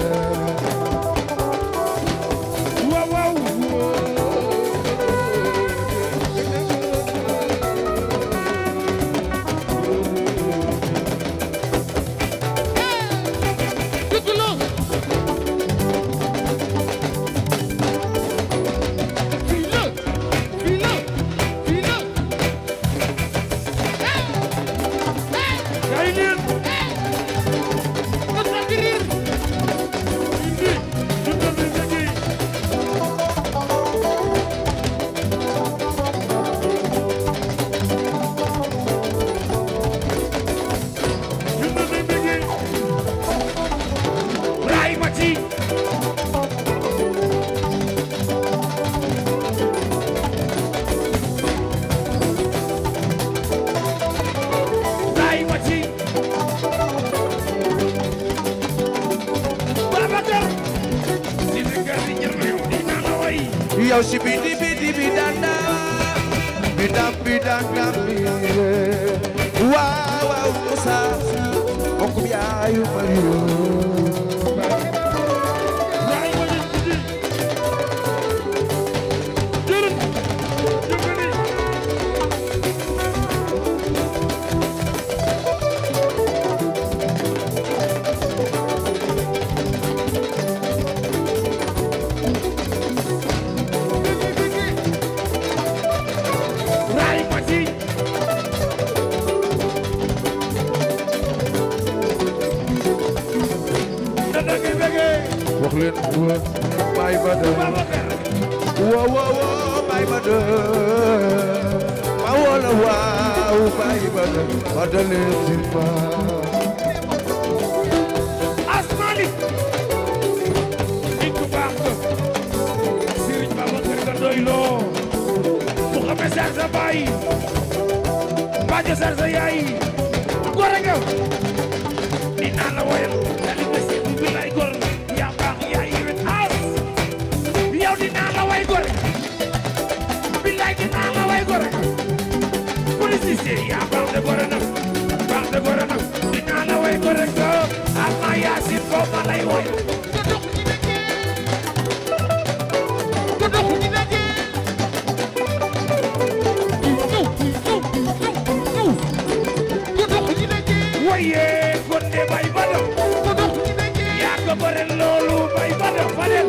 Speaker 2: Baye Badar waaw waaw waaw Baye Badar waaw la waaw Baye Badar adale sirpa asmani nit ku baax ko Serigne Babacar nga doy loo mu xame sar sa baay mbaajo sar sa yaay gore nga ni naa la woyal de gore na baax de gore na dinaa la way gore ko ama yaasin ko ma lay
Speaker 1: way waye gonde bay bada yaa
Speaker 2: ko bare loolu bay bada fadel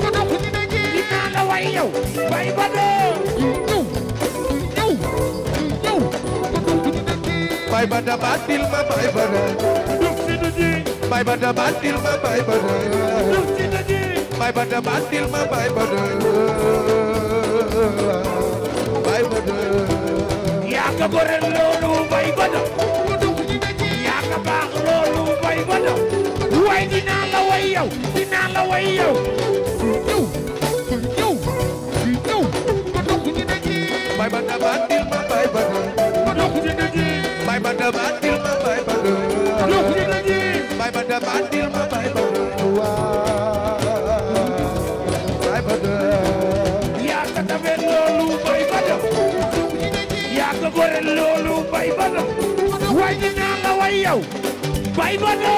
Speaker 2: dinaa la way yow bay bada bay ba da batil ma bay ba da duf ci di bay ba da batil ma bay ba da duf ci di bay ba da batil ma bay ba da bay ba da yaa ka gorel loolu bay ba da yaa ka baax loolu bay ba da way dinaa la way yow dinaa la way yow bay ba da batil ma bay ba da ma dox ci di bay ba da batil ma bay ba da lox ni nañi bay ba da batil ma bay ba da wa bay ba da yaa ka tabe loolu bay ba da yaa ka gore loolu bay ba da way ni naa nga way yow bay ba da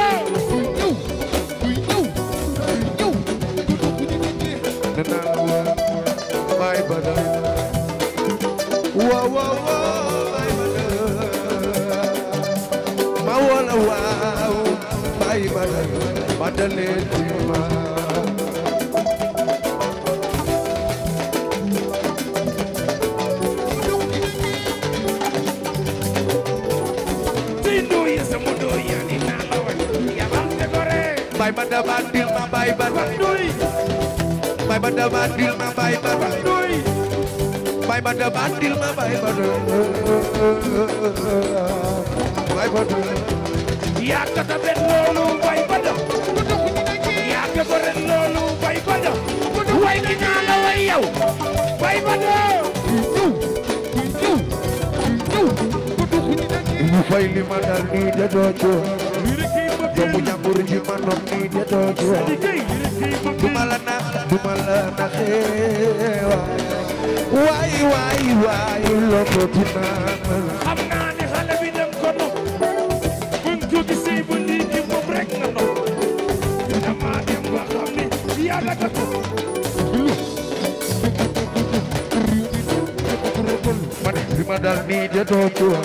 Speaker 2: Wow, wow, wow. yaa ko ta bet loolu way dinaa la way yow way ba
Speaker 1: doo ñëw ñëw ñëw
Speaker 2: ñu fay li ma dal nii de doo ci doomu jàmbur ji ma nopp nii de doo ci du ma la nax du ma la naxee waay waay waay loko dinaa ma dal nii de doo jooy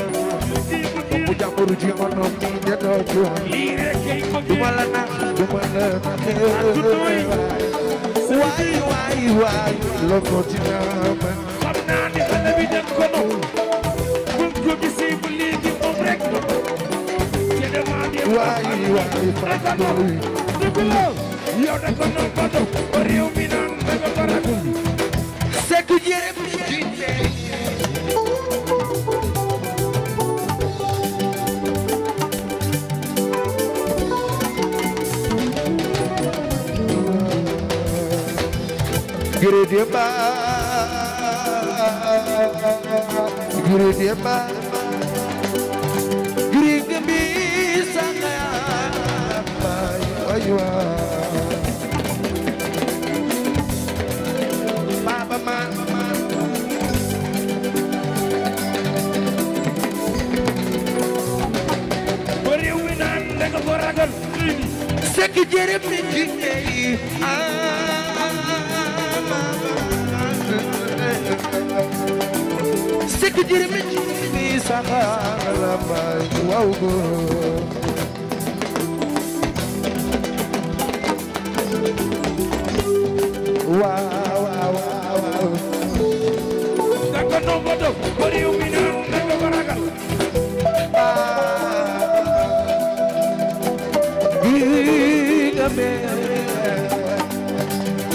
Speaker 2: la nax du ma la nax waay waay waay loolu dina ma xam bi dem ko noonu buñ ko gisee bu léegi moom rek waay waay
Speaker 1: fàttali
Speaker 2: yow da ko noonu Gurudya e e ba Gurudya ba Gurudya bisa kaya bayu bayu Papa man Beriwinan dengan boragan Sekijere pinjinnya Ah bijirmit bi saxaar
Speaker 1: la bay waaw góor
Speaker 2: waaw waaw waaw daka nomba do bari umi naan na ko ragal bi nga mel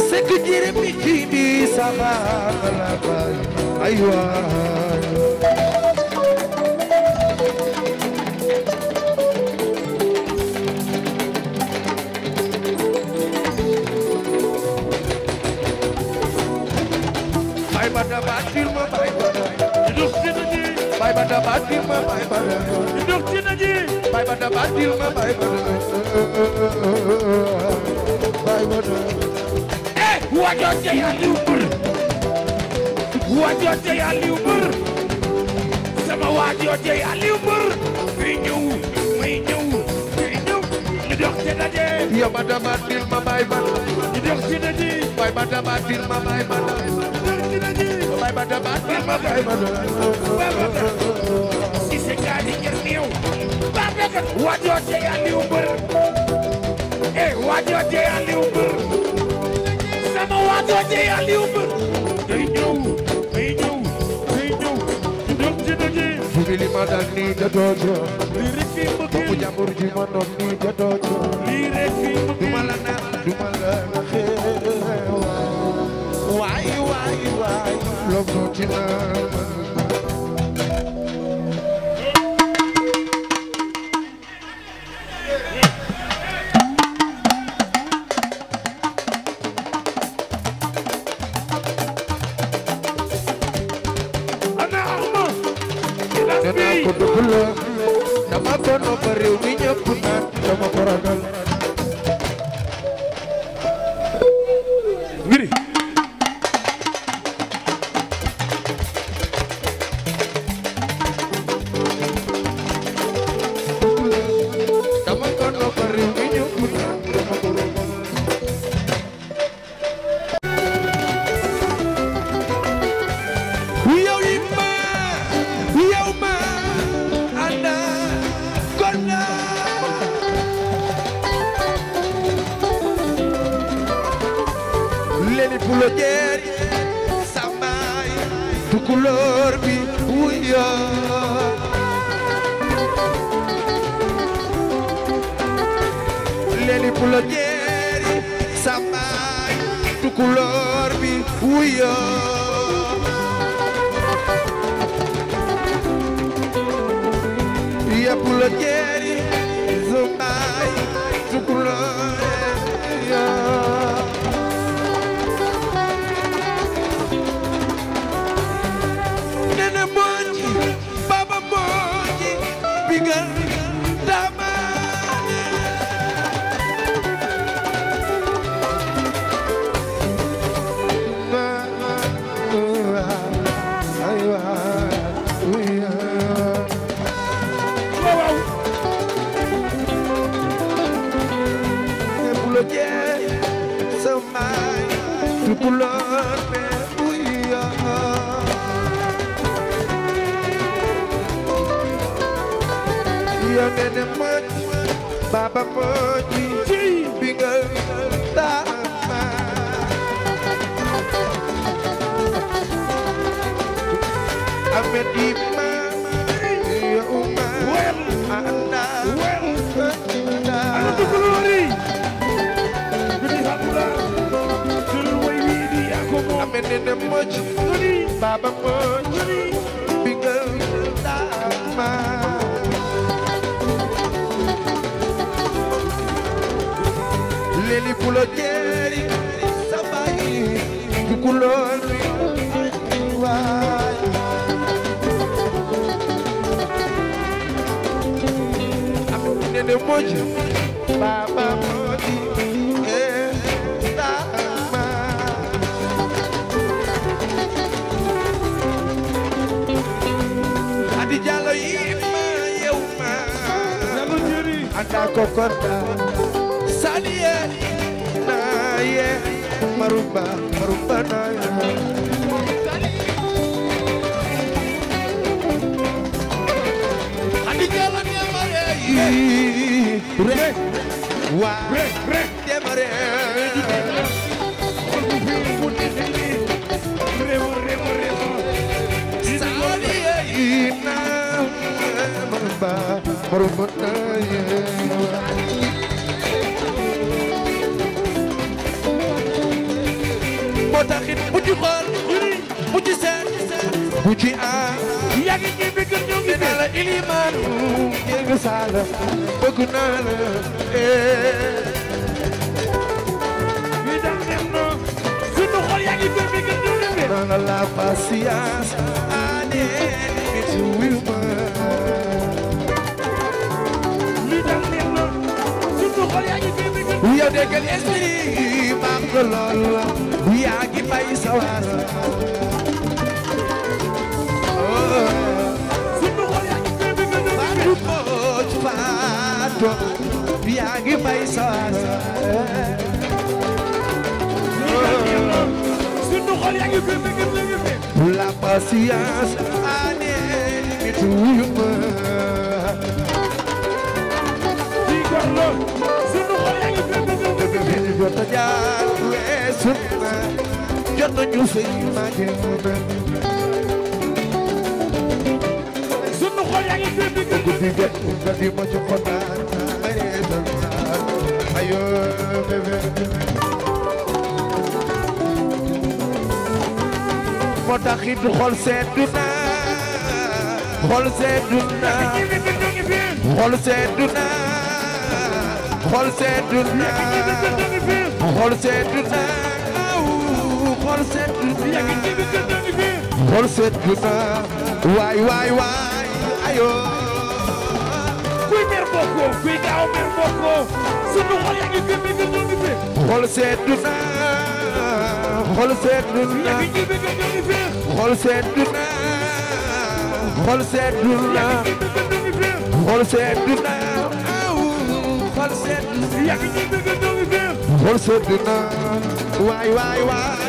Speaker 2: c'est que jirmit bi saxaar la bay aywa da badil ma bay ba da dox ci nañi bay ba da badil ma bay ba da bay ba da eh wajo te ya liw mbër wajo te ya liw mbër sama wajo te ya liw mbër fi ñëw may ñëw fi ñëw ñu dox ci nañi yo ba da badil ma bay ba ñu dox ci nañi bay ba da badil ma bay ba ñu dox ci nañi bay ba ta ba ba bay ba do ba ba ta si se ka di ngir niw ba ba ka wajo te andi umbur eh wajo te andi umbur sama wajo te andi umbur day ñëw day ñëw day ñëw ci doom ci doji jubili ma
Speaker 1: dal ni da dojo
Speaker 2: li rek fi mbëgg bu jàmbur ji ma nopp ni da dojo li rek fi mbëgg duma la na duma la xee lobno
Speaker 1: dina
Speaker 2: Tukulóor jéey sama Tukulóor mais wuyu yaa yaa ne ne moj baba moj bi nga taama ame di ma yaa uma mene ne mojuri baba mojuri bingal dama leli kulo jeri sabai dukulori wai amene ne mojuri baba kokorda saliye naye marumba marumba naye Rek, wa, rek, rek, demare. Remo, remo, remo. Salia ina, marumba, marumba na ye. moo taxit bu ci xool bu ci seet bu ci aar yaa ngi ñuy bëgg ñu ngi ne la ilimaanu jéeg saala bëgg naa la bi tax dem na sunu xol yaa ngi bëgg bëgg ñu ngi ne nana la patience ane ci wilma bi tax dem na sunu xol yaa ngi bëgg bëgg yow déggal esprit maa ngi yaa ngi bay sawar oo sunu xol yaa ngi koy bëgg faatu mooc faatu yaa ngi bay sawar oo sunu xol yaa ngi koy la patience ane mi tuyu ma di gorlo sunu xol yaa ngi koy bëgg sun jot nañu sey ma jëm sunu xol yaa ngi fépp di guddi jot nga di ma ci kontaan ayo bébé moo taxit xol seddu na xol seddu na xol seddu na xol seddu na xol seddu na xool seet xool seet lu saa waay waay waay ayoo kuy mer bokkoo kuy gaaw mer bokkoo sunu xol yaa ngi gëm di gëm di gëm xool seet lu saa xool seet lu saa xool seet lu saa xool seet lu saa xool seet lu saa xool seet lu saa xool seet lu saa waay waay waay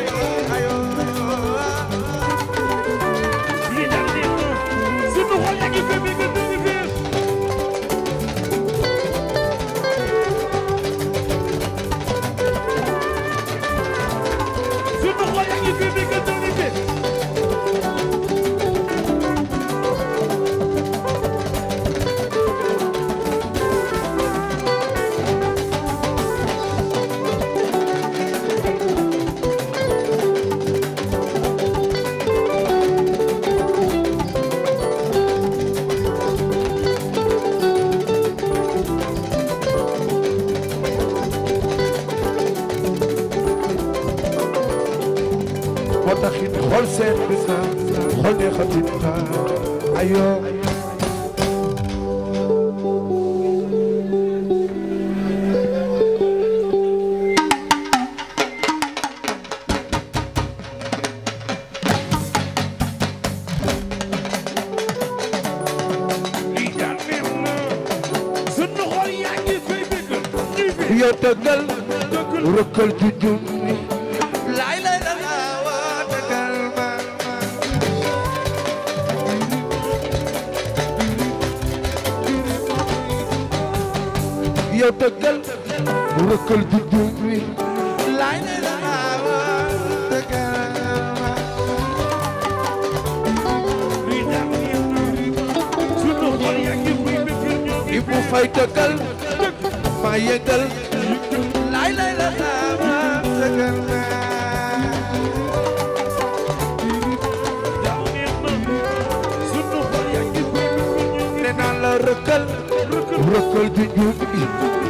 Speaker 2: koy junj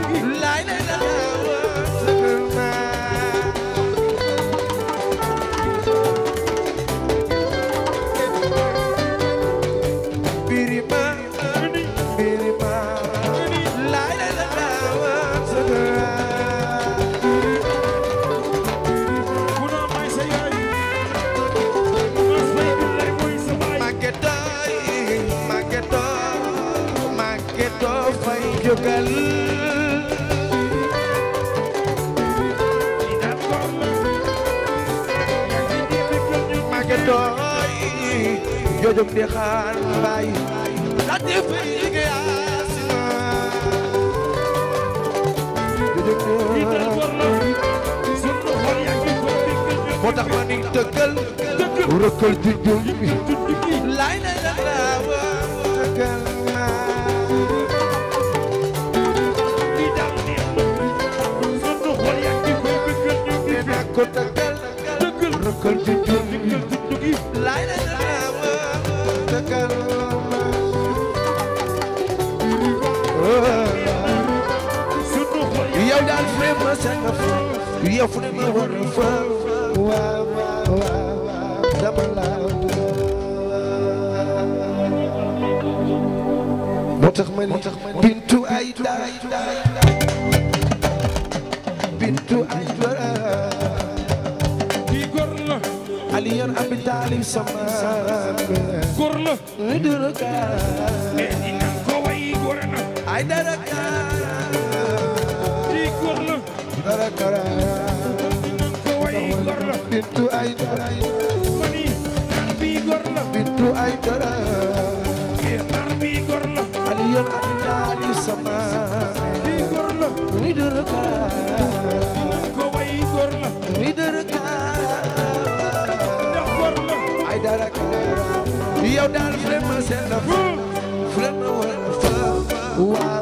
Speaker 2: jóg di xaar baay latif ige asina moo tax ma ni dëggal
Speaker 1: rëkkal ci jum
Speaker 2: bi lay lay la laawa dëggal ko dëggal rëkkal ci jum bi lay lay la bintu ay dara bintu ay dara abi taalib sama góor la ay dara kaan ee di nan ko way góor na ay dara kaan di góor la dara kaan bi góor ay dara ee bi góor la aliyan abi yow daal vraiment seen la fa fu leen ma war a fa